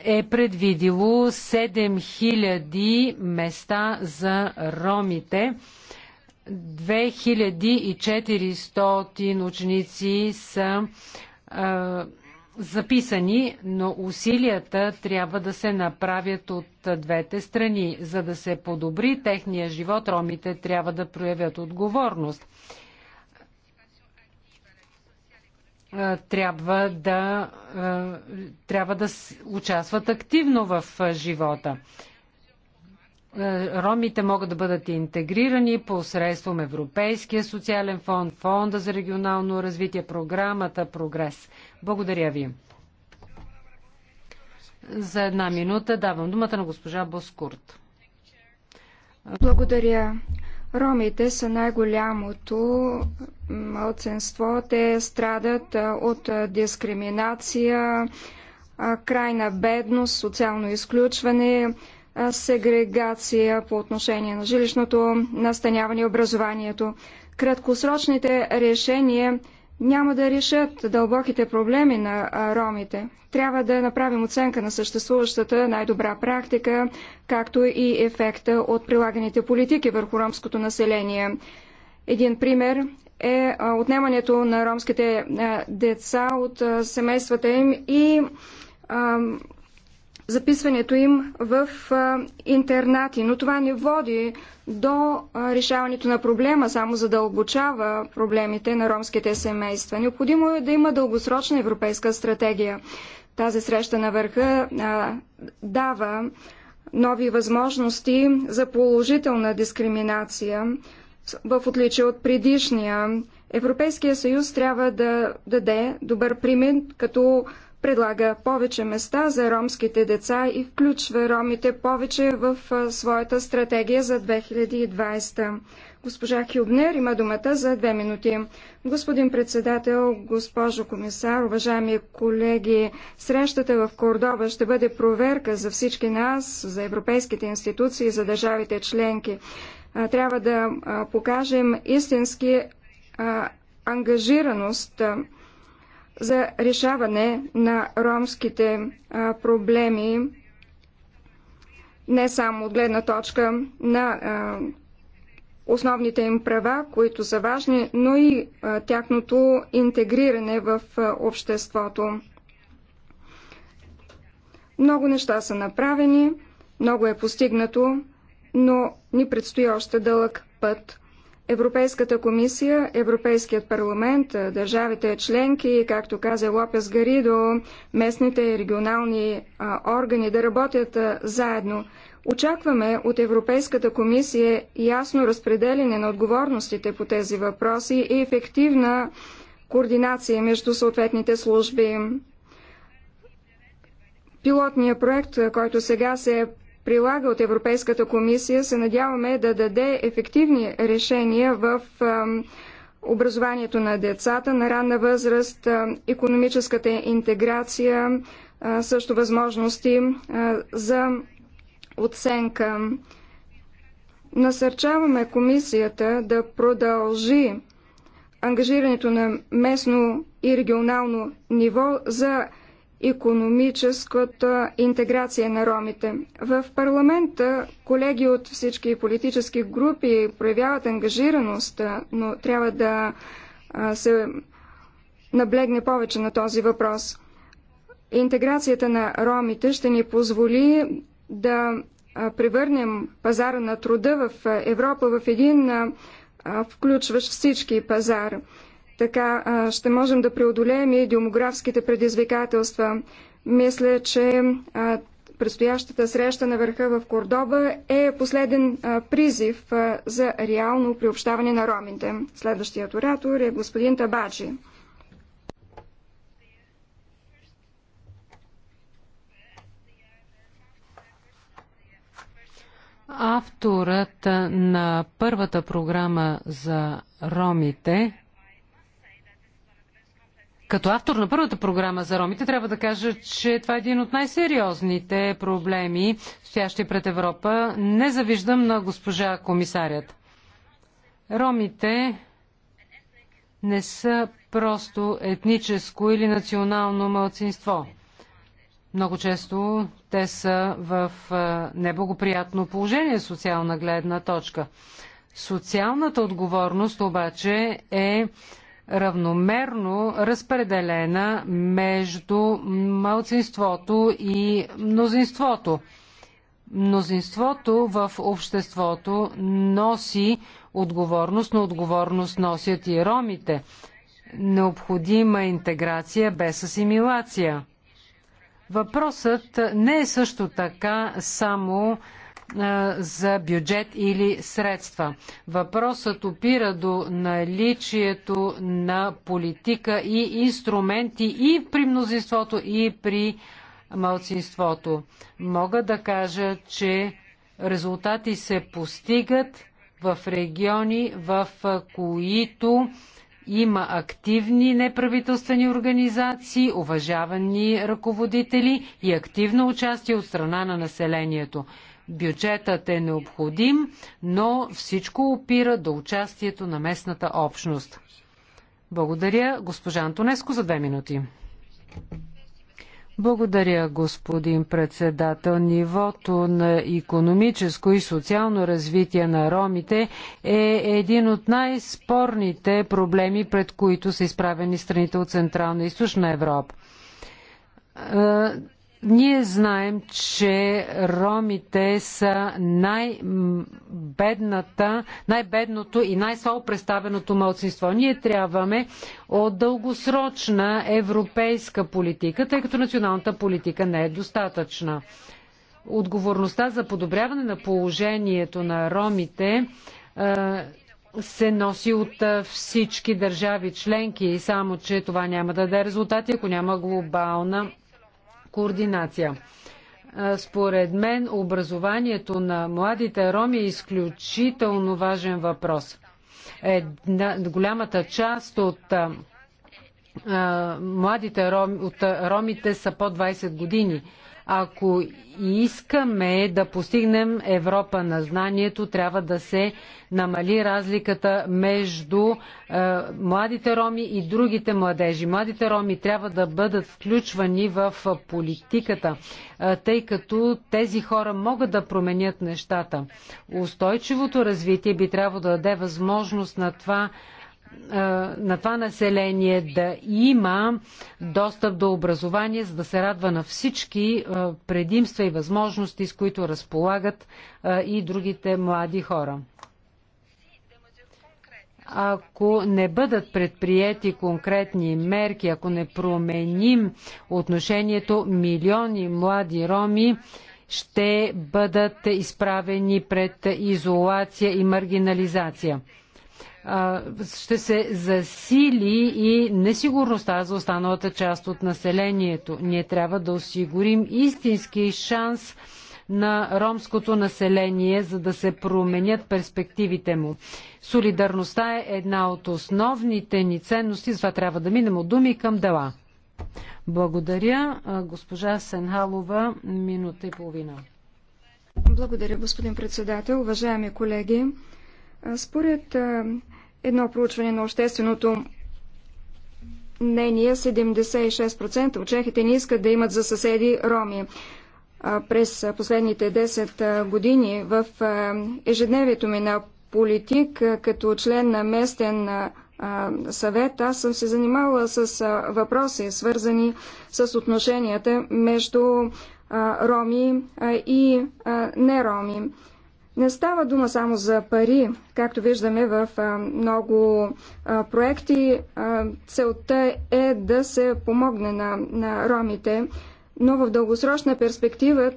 е предвидило 7000 места за ромите. 2400 ученици са е, записани, но усилията трябва да се направят от двете страни. За да се подобри техния живот, ромите трябва да проявят отговорност трябва да, трябва да участват активно в живота. Ромите могат да бъдат интегрирани посредством Европейския социален фонд, Фонда за регионално развитие, програмата Прогрес. Благодаря ви. За една минута давам думата на госпожа Боскурт. Благодаря. Ромите са най-голямото мълценство. Те страдат от дискриминация, крайна бедност, социално изключване, сегрегация по отношение на жилищното настаняване и образованието. Краткосрочните решения няма да решат дълбоките проблеми на ромите. Трябва да направим оценка на съществуващата най-добра практика, както и ефекта от прилаганите политики върху ромското население. Един пример е отнемането на ромските деца от семействата им и записването им в интернати, но това не води до решаването на проблема, само задълбочава да проблемите на ромските семейства. Необходимо е да има дългосрочна европейска стратегия. Тази среща на върха а, дава нови възможности за положителна дискриминация, в отличие от предишния. Европейския съюз трябва да даде добър пример, като предлага повече места за ромските деца и включва ромите повече в своята стратегия за 2020. Госпожа Хюбнер има думата за две минути. Господин председател, госпожо комисар, уважаеми колеги, срещата в Кордова ще бъде проверка за всички нас, за европейските институции, за държавите членки. Трябва да покажем истински ангажираност за решаване на ромските проблеми не само от гледна точка на основните им права, които са важни, но и тяхното интегриране в обществото. Много неща са направени, много е постигнато, но ни предстои още дълъг път. Европейската комисия, Европейският парламент, държавите членки, както каза Лопес Гаридо, местните и регионални органи да работят заедно. Очакваме от Европейската комисия ясно разпределение на отговорностите по тези въпроси и ефективна координация между съответните служби. Пилотният проект, който сега се прилага от Европейската комисия, се надяваме да даде ефективни решения в образованието на децата на ранна възраст, економическата интеграция, също възможности за оценка. Насърчаваме комисията да продължи ангажирането на местно и регионално ниво за економическата интеграция на ромите. В парламента колеги от всички политически групи проявяват ангажираност, но трябва да се наблегне повече на този въпрос. Интеграцията на ромите ще ни позволи да превърнем пазара на труда в Европа в един включващ всички пазар. Така ще можем да преодолеем и демографските предизвикателства. Мисля, че предстоящата среща на върха в Кордоба е последен призив за реално приобщаване на ромите. Следващият оратор е господин Табаджи. Авторът на първата програма за ромите като автор на първата програма за ромите трябва да кажа, че това е един от най-сериозните проблеми, стоящи пред Европа. Не завиждам на госпожа комисарят. Ромите не са просто етническо или национално мълцинство. Много често те са в неблагоприятно положение социална гледна точка. Социалната отговорност обаче е равномерно разпределена между малцинството и мнозинството. Мнозинството в обществото носи отговорност, но отговорност носят и ромите. Необходима интеграция без асимилация. Въпросът не е също така само за бюджет или средства. Въпросът опира до наличието на политика и инструменти и при мнозинството, и при малцинството. Мога да кажа, че резултати се постигат в региони, в които има активни неправителствени организации, уважавани ръководители и активно участие от страна на населението. Бюджетът е необходим, но всичко опира до участието на местната общност. Благодаря, госпожа Антонеско, за две минути. Благодаря, господин председател. Нивото на економическо и социално развитие на ромите е един от най-спорните проблеми, пред които са изправени страните от Централна и Източна Европа е, ние знаем, че ромите са най-бедната, най-бедното и най-слабо представеното младсинство. Ние трябваме от дългосрочна европейска политика, тъй като националната политика не е достатъчна. Отговорността за подобряване на положението на ромите е, се носи от е, всички държави членки, само че това няма да даде резултати, ако няма глобална координация. Според мен образованието на младите роми е изключително важен въпрос. Една, голямата част от а, младите роми, от ромите са по 20 години. Ако искаме да постигнем Европа на знанието, трябва да се намали разликата между е, младите роми и другите младежи. Младите роми трябва да бъдат включвани в политиката, е, тъй като тези хора могат да променят нещата. Устойчивото развитие би трябвало да даде възможност на това, е, на това население да има достъп до образование, за да се радва на всички е, предимства и възможности, с които разполагат е, и другите млади хора. Ако не бъдат предприяти конкретни мерки, ако не променим отношението, милиони млади роми ще бъдат изправени пред изолация и маргинализация ще се засили и несигурността за останалата част от населението. Ние трябва да осигурим истински шанс на ромското население, за да се променят перспективите му. Солидарността е една от основните ни ценности, затова трябва да минем от думи към дела. Благодаря. Госпожа Сенхалова, минута и половина. Благодаря, господин председател. Уважаеми колеги, според едно проучване на общественото мнение, 76% от чехите не искат да имат за съседи роми. През последните 10 години в ежедневието ми на политик, като член на местен съвет, аз съм се занимавала с въпроси, свързани с отношенията между роми и нероми. Не става дума само за пари, както виждаме в много проекти. Целта е да се помогне на, на ромите, но в дългосрочна перспектива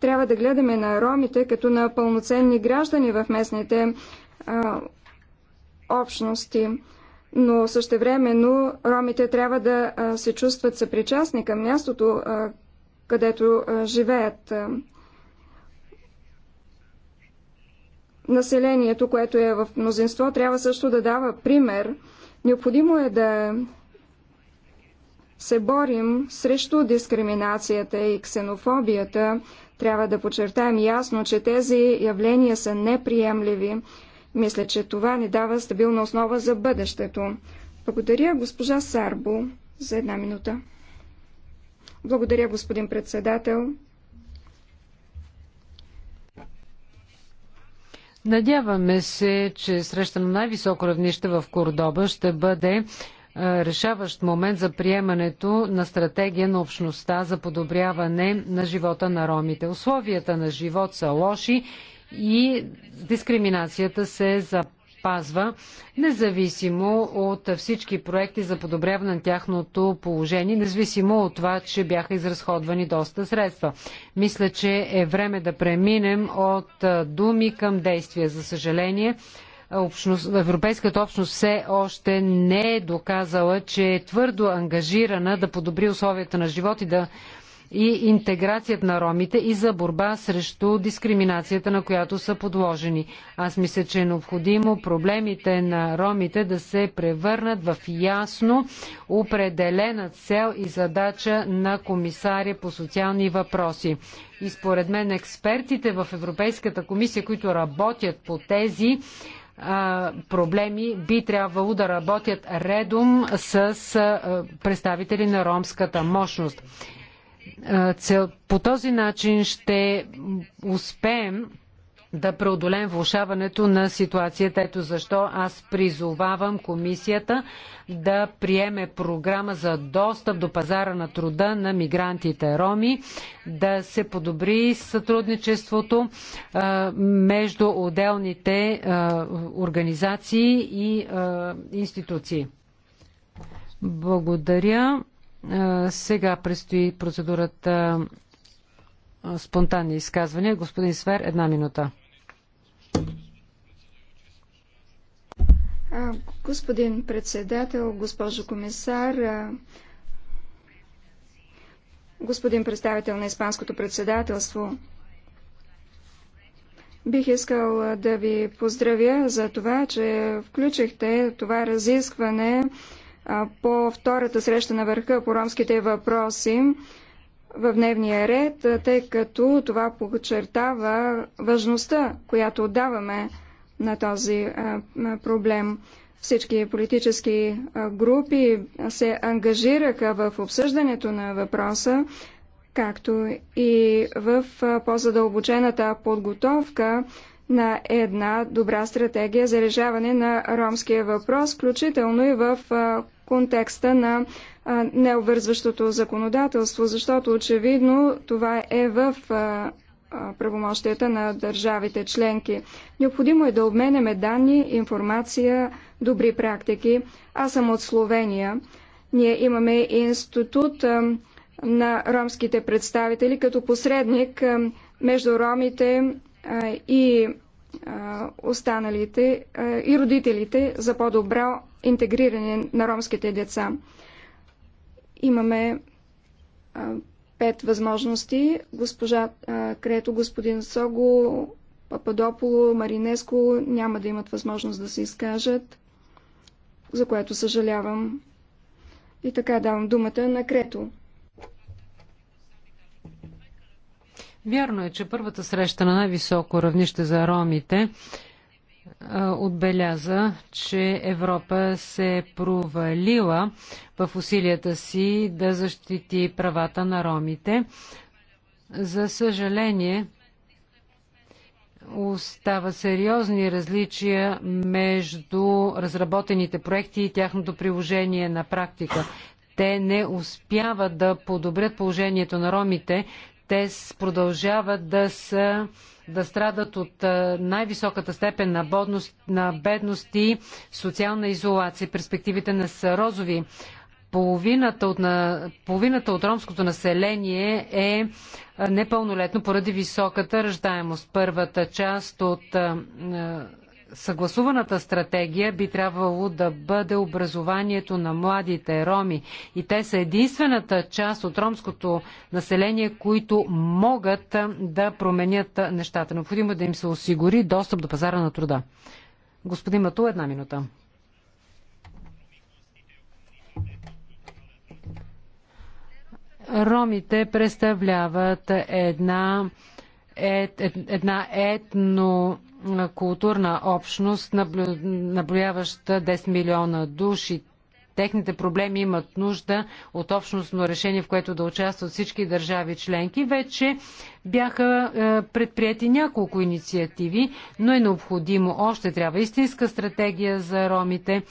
трябва да гледаме на ромите като на пълноценни граждани в местните а, общности. Но същевременно ромите трябва да се чувстват съпричастни към мястото, където живеят. населението, което е в мнозинство, трябва също да дава пример. Необходимо е да се борим срещу дискриминацията и ксенофобията. Трябва да подчертаем ясно, че тези явления са неприемливи. Мисля, че това ни дава стабилна основа за бъдещето. Благодаря госпожа Сарбо за една минута. Благодаря, господин председател. Надяваме се, че среща на най-високо равнище в Кордоба ще бъде е, решаващ момент за приемането на стратегия на общността за подобряване на живота на ромите. Условията на живот са лоши и дискриминацията се запазва спазва, независимо от всички проекти за подобряване на тяхното положение, независимо от това, че бяха изразходвани доста средства. Мисля, че е време да преминем от думи към действия. За съжаление, общност, Европейската общност все още не е доказала, че е твърдо ангажирана да подобри условията на живот и да и интеграцията на ромите и за борба срещу дискриминацията, на която са подложени. Аз мисля, че е необходимо проблемите на ромите да се превърнат в ясно определена цел и задача на комисаря по социални въпроси. И според мен експертите в Европейската комисия, които работят по тези проблеми би трябвало да работят редом с представители на ромската мощност. Цел, по този начин ще успеем да преодолеем влушаването на ситуацията. Ето защо аз призовавам комисията да приеме програма за достъп до пазара на труда на мигрантите роми, да се подобри сътрудничеството а, между отделните а, организации и а, институции. Благодаря. Сега предстои процедурата спонтанни изказвания. Господин Свер, една минута. Господин председател, госпожо комисар, господин представител на Испанското председателство, бих искал да ви поздравя за това, че включихте това разискване по втората среща на върха по ромските въпроси в дневния ред, тъй като това подчертава важността, която отдаваме на този проблем. Всички политически групи се ангажираха в обсъждането на въпроса, както и в по-задълбочената подготовка на една добра стратегия за решаване на ромския въпрос, включително и в контекста на необвързващото законодателство, защото очевидно това е в правомощията на държавите членки. Необходимо е да обменяме данни, информация, добри практики. Аз съм от Словения. Ние имаме институт на ромските представители като посредник между ромите и останалите и родителите за по-добро интегриране на ромските деца. Имаме а, пет възможности. Госпожа а, Крето, господин Сого, Пападополо, Маринеско няма да имат възможност да се изкажат, за което съжалявам. И така давам думата на Крето. Вярно е, че първата среща на най-високо равнище за ромите отбеляза, че Европа се е провалила в усилията си да защити правата на ромите. За съжаление, остава сериозни различия между разработените проекти и тяхното приложение на практика. Те не успяват да подобрят положението на ромите, те продължават да са да страдат от най-високата степен на, бодност, на бедност и социална изолация. Перспективите не са розови. Половината от, на, половината от ромското население е непълнолетно поради високата ръждаемост. Първата част от съгласуваната стратегия би трябвало да бъде образованието на младите роми. И те са единствената част от ромското население, които могат да променят нещата. Необходимо е да им се осигури достъп до пазара на труда. Господин Мату, една минута. Ромите представляват една, ет, една етно културна общност, наблюяваща 10 милиона души. Техните проблеми имат нужда от общностно решение, в което да участват всички държави членки. Вече бяха е, предприяти няколко инициативи, но е необходимо още трябва истинска стратегия за ромите,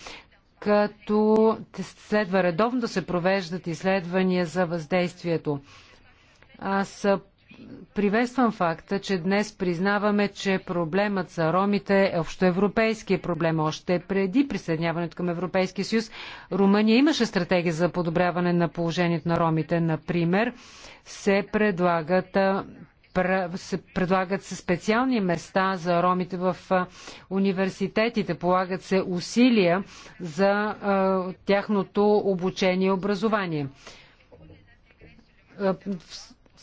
като следва редовно да се провеждат изследвания за въздействието. Аз приветствам факта, че днес признаваме, че проблемът за ромите е общоевропейския проблем. Още преди присъединяването към Европейския съюз, Румъния имаше стратегия за подобряване на положението на ромите. Например, се предлагат се предлагат се специални места за ромите в университетите, полагат се усилия за а, тяхното обучение и образование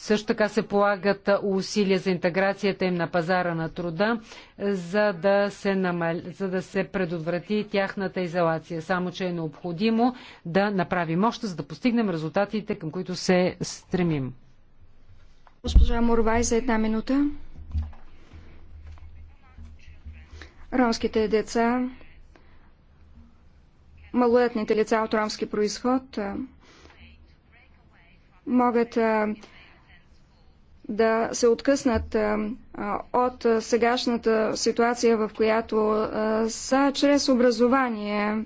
също така се полагат усилия за интеграцията им на пазара на труда, за да се, намал... за да се предотврати тяхната изолация. Само, че е необходимо да направим още, за да постигнем резултатите, към които се стремим. Госпожа Морвай за една минута. Ромските деца, малолетните лица от ромски происход могат да се откъснат от сегашната ситуация, в която са, чрез образование.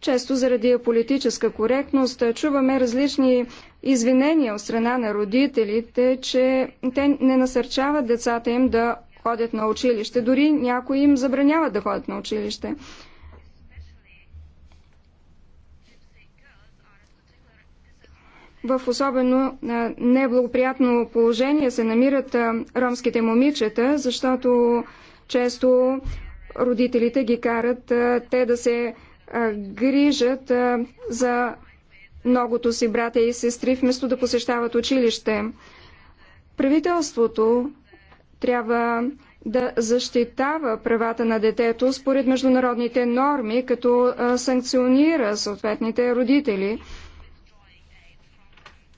Често заради политическа коректност чуваме различни извинения от страна на родителите, че те не насърчават децата им да ходят на училище. Дори някои им забраняват да ходят на училище. в особено неблагоприятно положение се намират ромските момичета, защото често родителите ги карат те да се грижат за многото си братя и сестри, вместо да посещават училище. Правителството трябва да защитава правата на детето според международните норми, като санкционира съответните родители –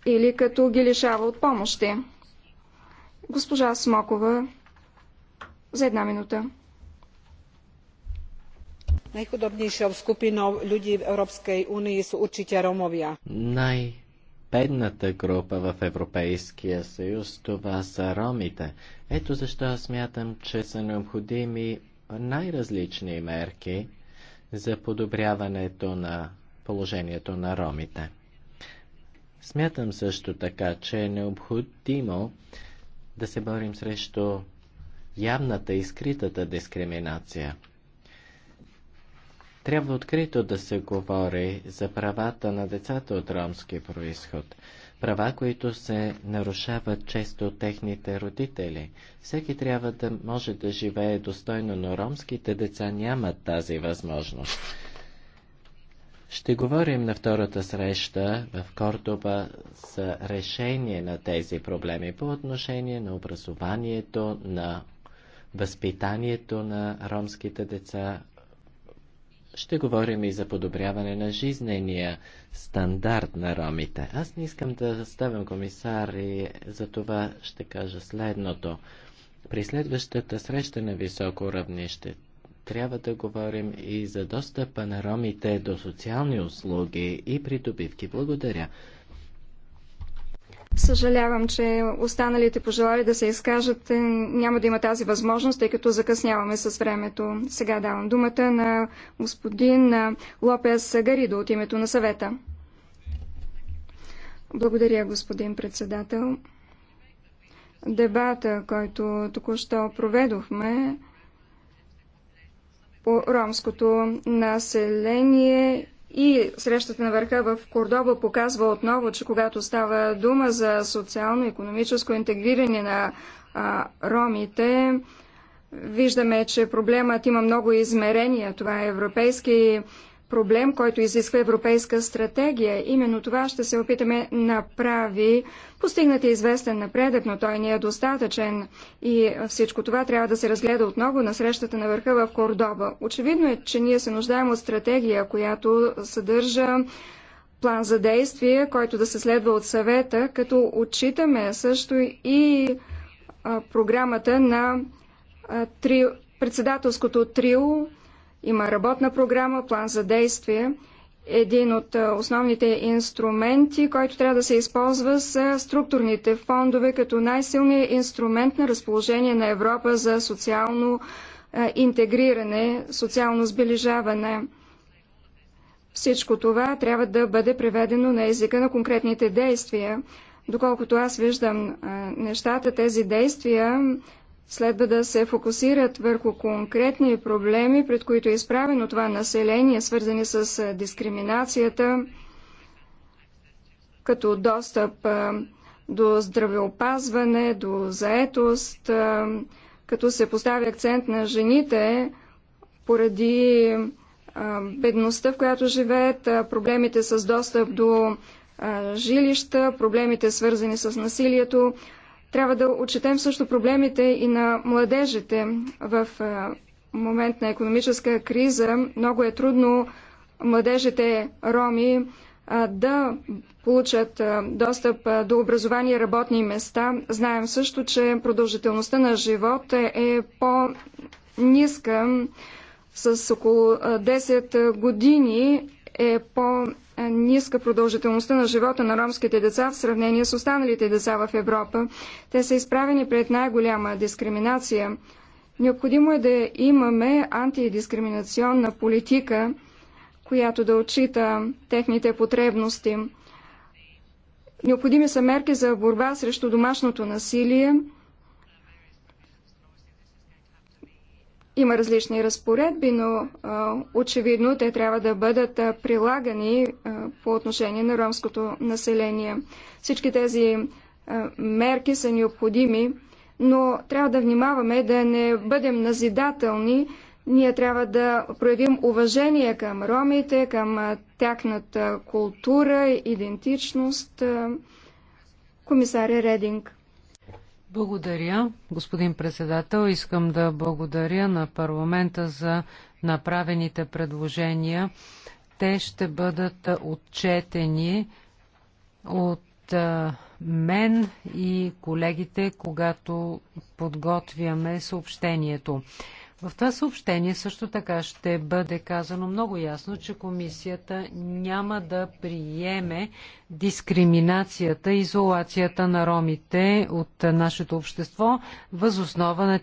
или като ги лишава от помощи. Госпожа Смокова, за една минута. Najchudobnejšou skupinou ľudí v Európskej únii sú určite Rómovia. Най-бедната група в Европейския съюз това са ромите. Ето защо аз смятам, че са необходими най-различни мерки за подобряването на положението на ромите. Смятам също така, че е необходимо да се борим срещу явната и скритата дискриминация. Трябва открито да се говори за правата на децата от ромски происход, права, които се нарушават често от техните родители. Всеки трябва да може да живее достойно, но ромските деца нямат тази възможност. Ще говорим на втората среща в Кордоба с решение на тези проблеми по отношение на образованието, на възпитанието на ромските деца. Ще говорим и за подобряване на жизнения стандарт на ромите. Аз не искам да ставам комисар и за това ще кажа следното. При следващата среща на високо равнище трябва да говорим и за достъпа на ромите до социални услуги и придобивки. Благодаря. Съжалявам, че останалите пожелали да се изкажат. Няма да има тази възможност, тъй като закъсняваме с времето. Сега давам думата на господин Лопес Гаридо от името на съвета. Благодаря, господин председател. Дебата, който току-що проведохме, по ромското население и срещата на върха в Кордоба показва отново, че когато става дума за социално-економическо интегриране на а, ромите, виждаме, че проблемът има много измерения. Това е европейски проблем, който изисква европейска стратегия. Именно това ще се опитаме направи. Постигнат е известен напредък, но той не е достатъчен и всичко това трябва да се разгледа отново на срещата на върха в Кордоба. Очевидно е, че ние се нуждаем от стратегия, която съдържа план за действие, който да се следва от съвета, като отчитаме също и а, програмата на а, три, председателското трио има работна програма, план за действие. Един от основните инструменти, който трябва да се използва, са структурните фондове като най-силният инструмент на разположение на Европа за социално интегриране, социално сближаване. Всичко това трябва да бъде преведено на езика на конкретните действия. Доколкото аз виждам нещата, тези действия Следва да се фокусират върху конкретни проблеми, пред които е изправено това население, свързани с дискриминацията, като достъп до здравеопазване, до заетост, като се поставя акцент на жените поради бедността, в която живеят, проблемите с достъп до жилища, проблемите свързани с насилието, трябва да отчетем също проблемите и на младежите. В е, момент на економическа криза много е трудно младежите роми е, да получат е, достъп до образование и работни места. Знаем също, че продължителността на живот е по-ниска с около 10 години е по е, ниска продължителността на живота на ромските деца в сравнение с останалите деца в Европа. Те са изправени пред най-голяма дискриминация. Необходимо е да имаме антидискриминационна политика, която да отчита техните потребности. Необходими са мерки за борба срещу домашното насилие, Има различни разпоредби, но а, очевидно те трябва да бъдат а, прилагани а, по отношение на ромското население. Всички тези а, мерки са необходими, но трябва да внимаваме да не бъдем назидателни. Ние трябва да проявим уважение към ромите, към а, тяхната култура, идентичност. А, комисаря Рединг. Благодаря, господин председател. Искам да благодаря на парламента за направените предложения. Те ще бъдат отчетени от мен и колегите, когато подготвяме съобщението. В това съобщение също така ще бъде казано много ясно, че комисията няма да приеме дискриминацията, изолацията на ромите от нашето общество възоснова на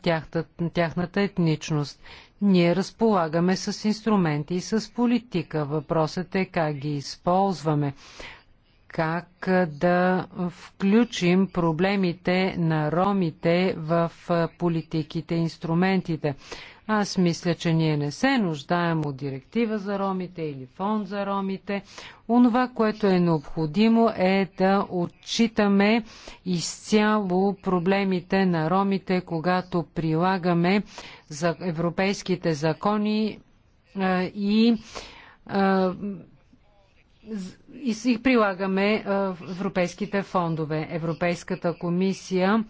тяхната етничност. Ние разполагаме с инструменти и с политика. Въпросът е как ги използваме как да включим проблемите на ромите в политиките и инструментите. Аз мисля, че ние не се нуждаем от директива за ромите или фонд за ромите. Онова, което е необходимо е да отчитаме изцяло проблемите на ромите, когато прилагаме за европейските закони и и си прилагаме е, европейските фондове. Европейската комисия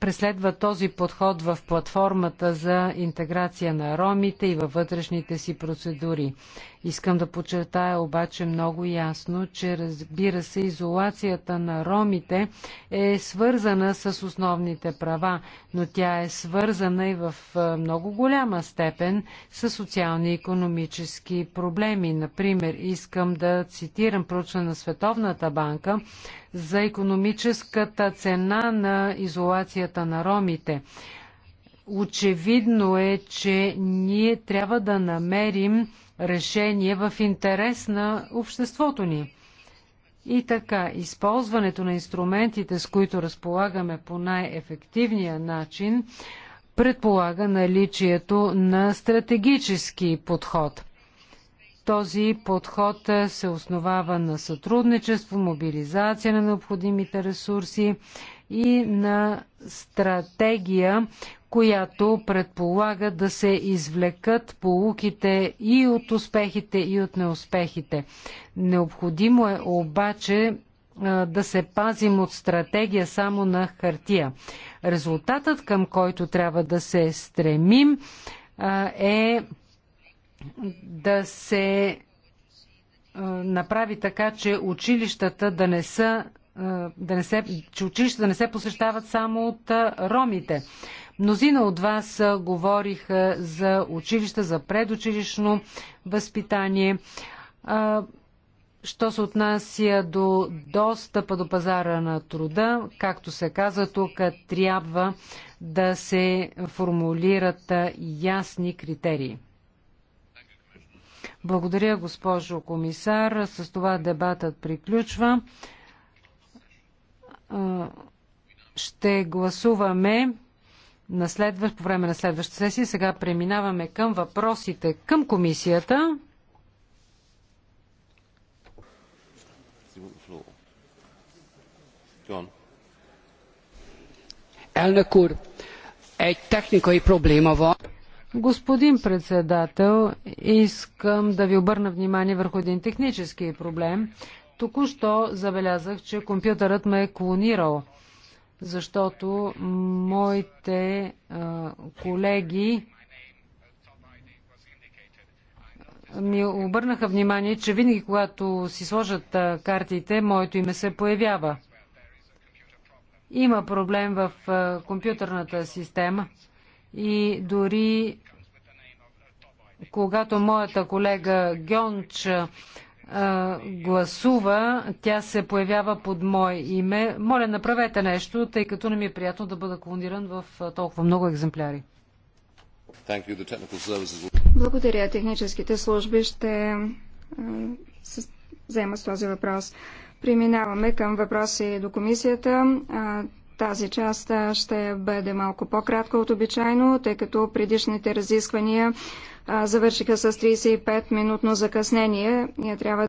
преследва този подход в платформата за интеграция на ромите и във вътрешните си процедури. Искам да подчертая обаче много ясно, че разбира се, изолацията на ромите е свързана с основните права, но тя е свързана и в много голяма степен с социални и економически проблеми. Например, искам да цитирам проучване на Световната банка за економическата цена на изолацията на ромите. Очевидно е, че ние трябва да намерим решение в интерес на обществото ни. И така, използването на инструментите, с които разполагаме по най-ефективния начин, предполага наличието на стратегически подход. Този подход се основава на сътрудничество, мобилизация на необходимите ресурси и на стратегия, която предполага да се извлекат полуките и от успехите, и от неуспехите. Необходимо е обаче да се пазим от стратегия само на хартия. Резултатът, към който трябва да се стремим, е да се направи така, че училищата да не са да не се, че училищата да не се посещават само от ромите. Мнозина от вас говориха за училища, за предучилищно възпитание. Що се отнася до достъпа до пазара на труда, както се каза тук, трябва да се формулират ясни критерии. Благодаря, госпожо комисар. С това дебатът приключва. Ще гласуваме на следва... по време на следващата сесия. Сега преминаваме към въпросите към комисията. Elnök е техника и проблема в... Господин председател, искам да ви обърна внимание върху един технически проблем. Току-що забелязах, че компютърът ме е клонирал защото моите а, колеги ми обърнаха внимание, че винаги когато си сложат а, картите, моето име се появява. Има проблем в а, компютърната система и дори когато моята колега Гьонч гласува, тя се появява под мое име. Моля, направете нещо, тъй като не ми е приятно да бъда клониран в толкова много екземпляри. Благодаря. Техническите служби ще се вземат с този въпрос. Преминаваме към въпроси до комисията. Тази част ще бъде малко по-кратка от обичайно, тъй като предишните разисквания завършиха с 35-минутно закъснение. Ние трябва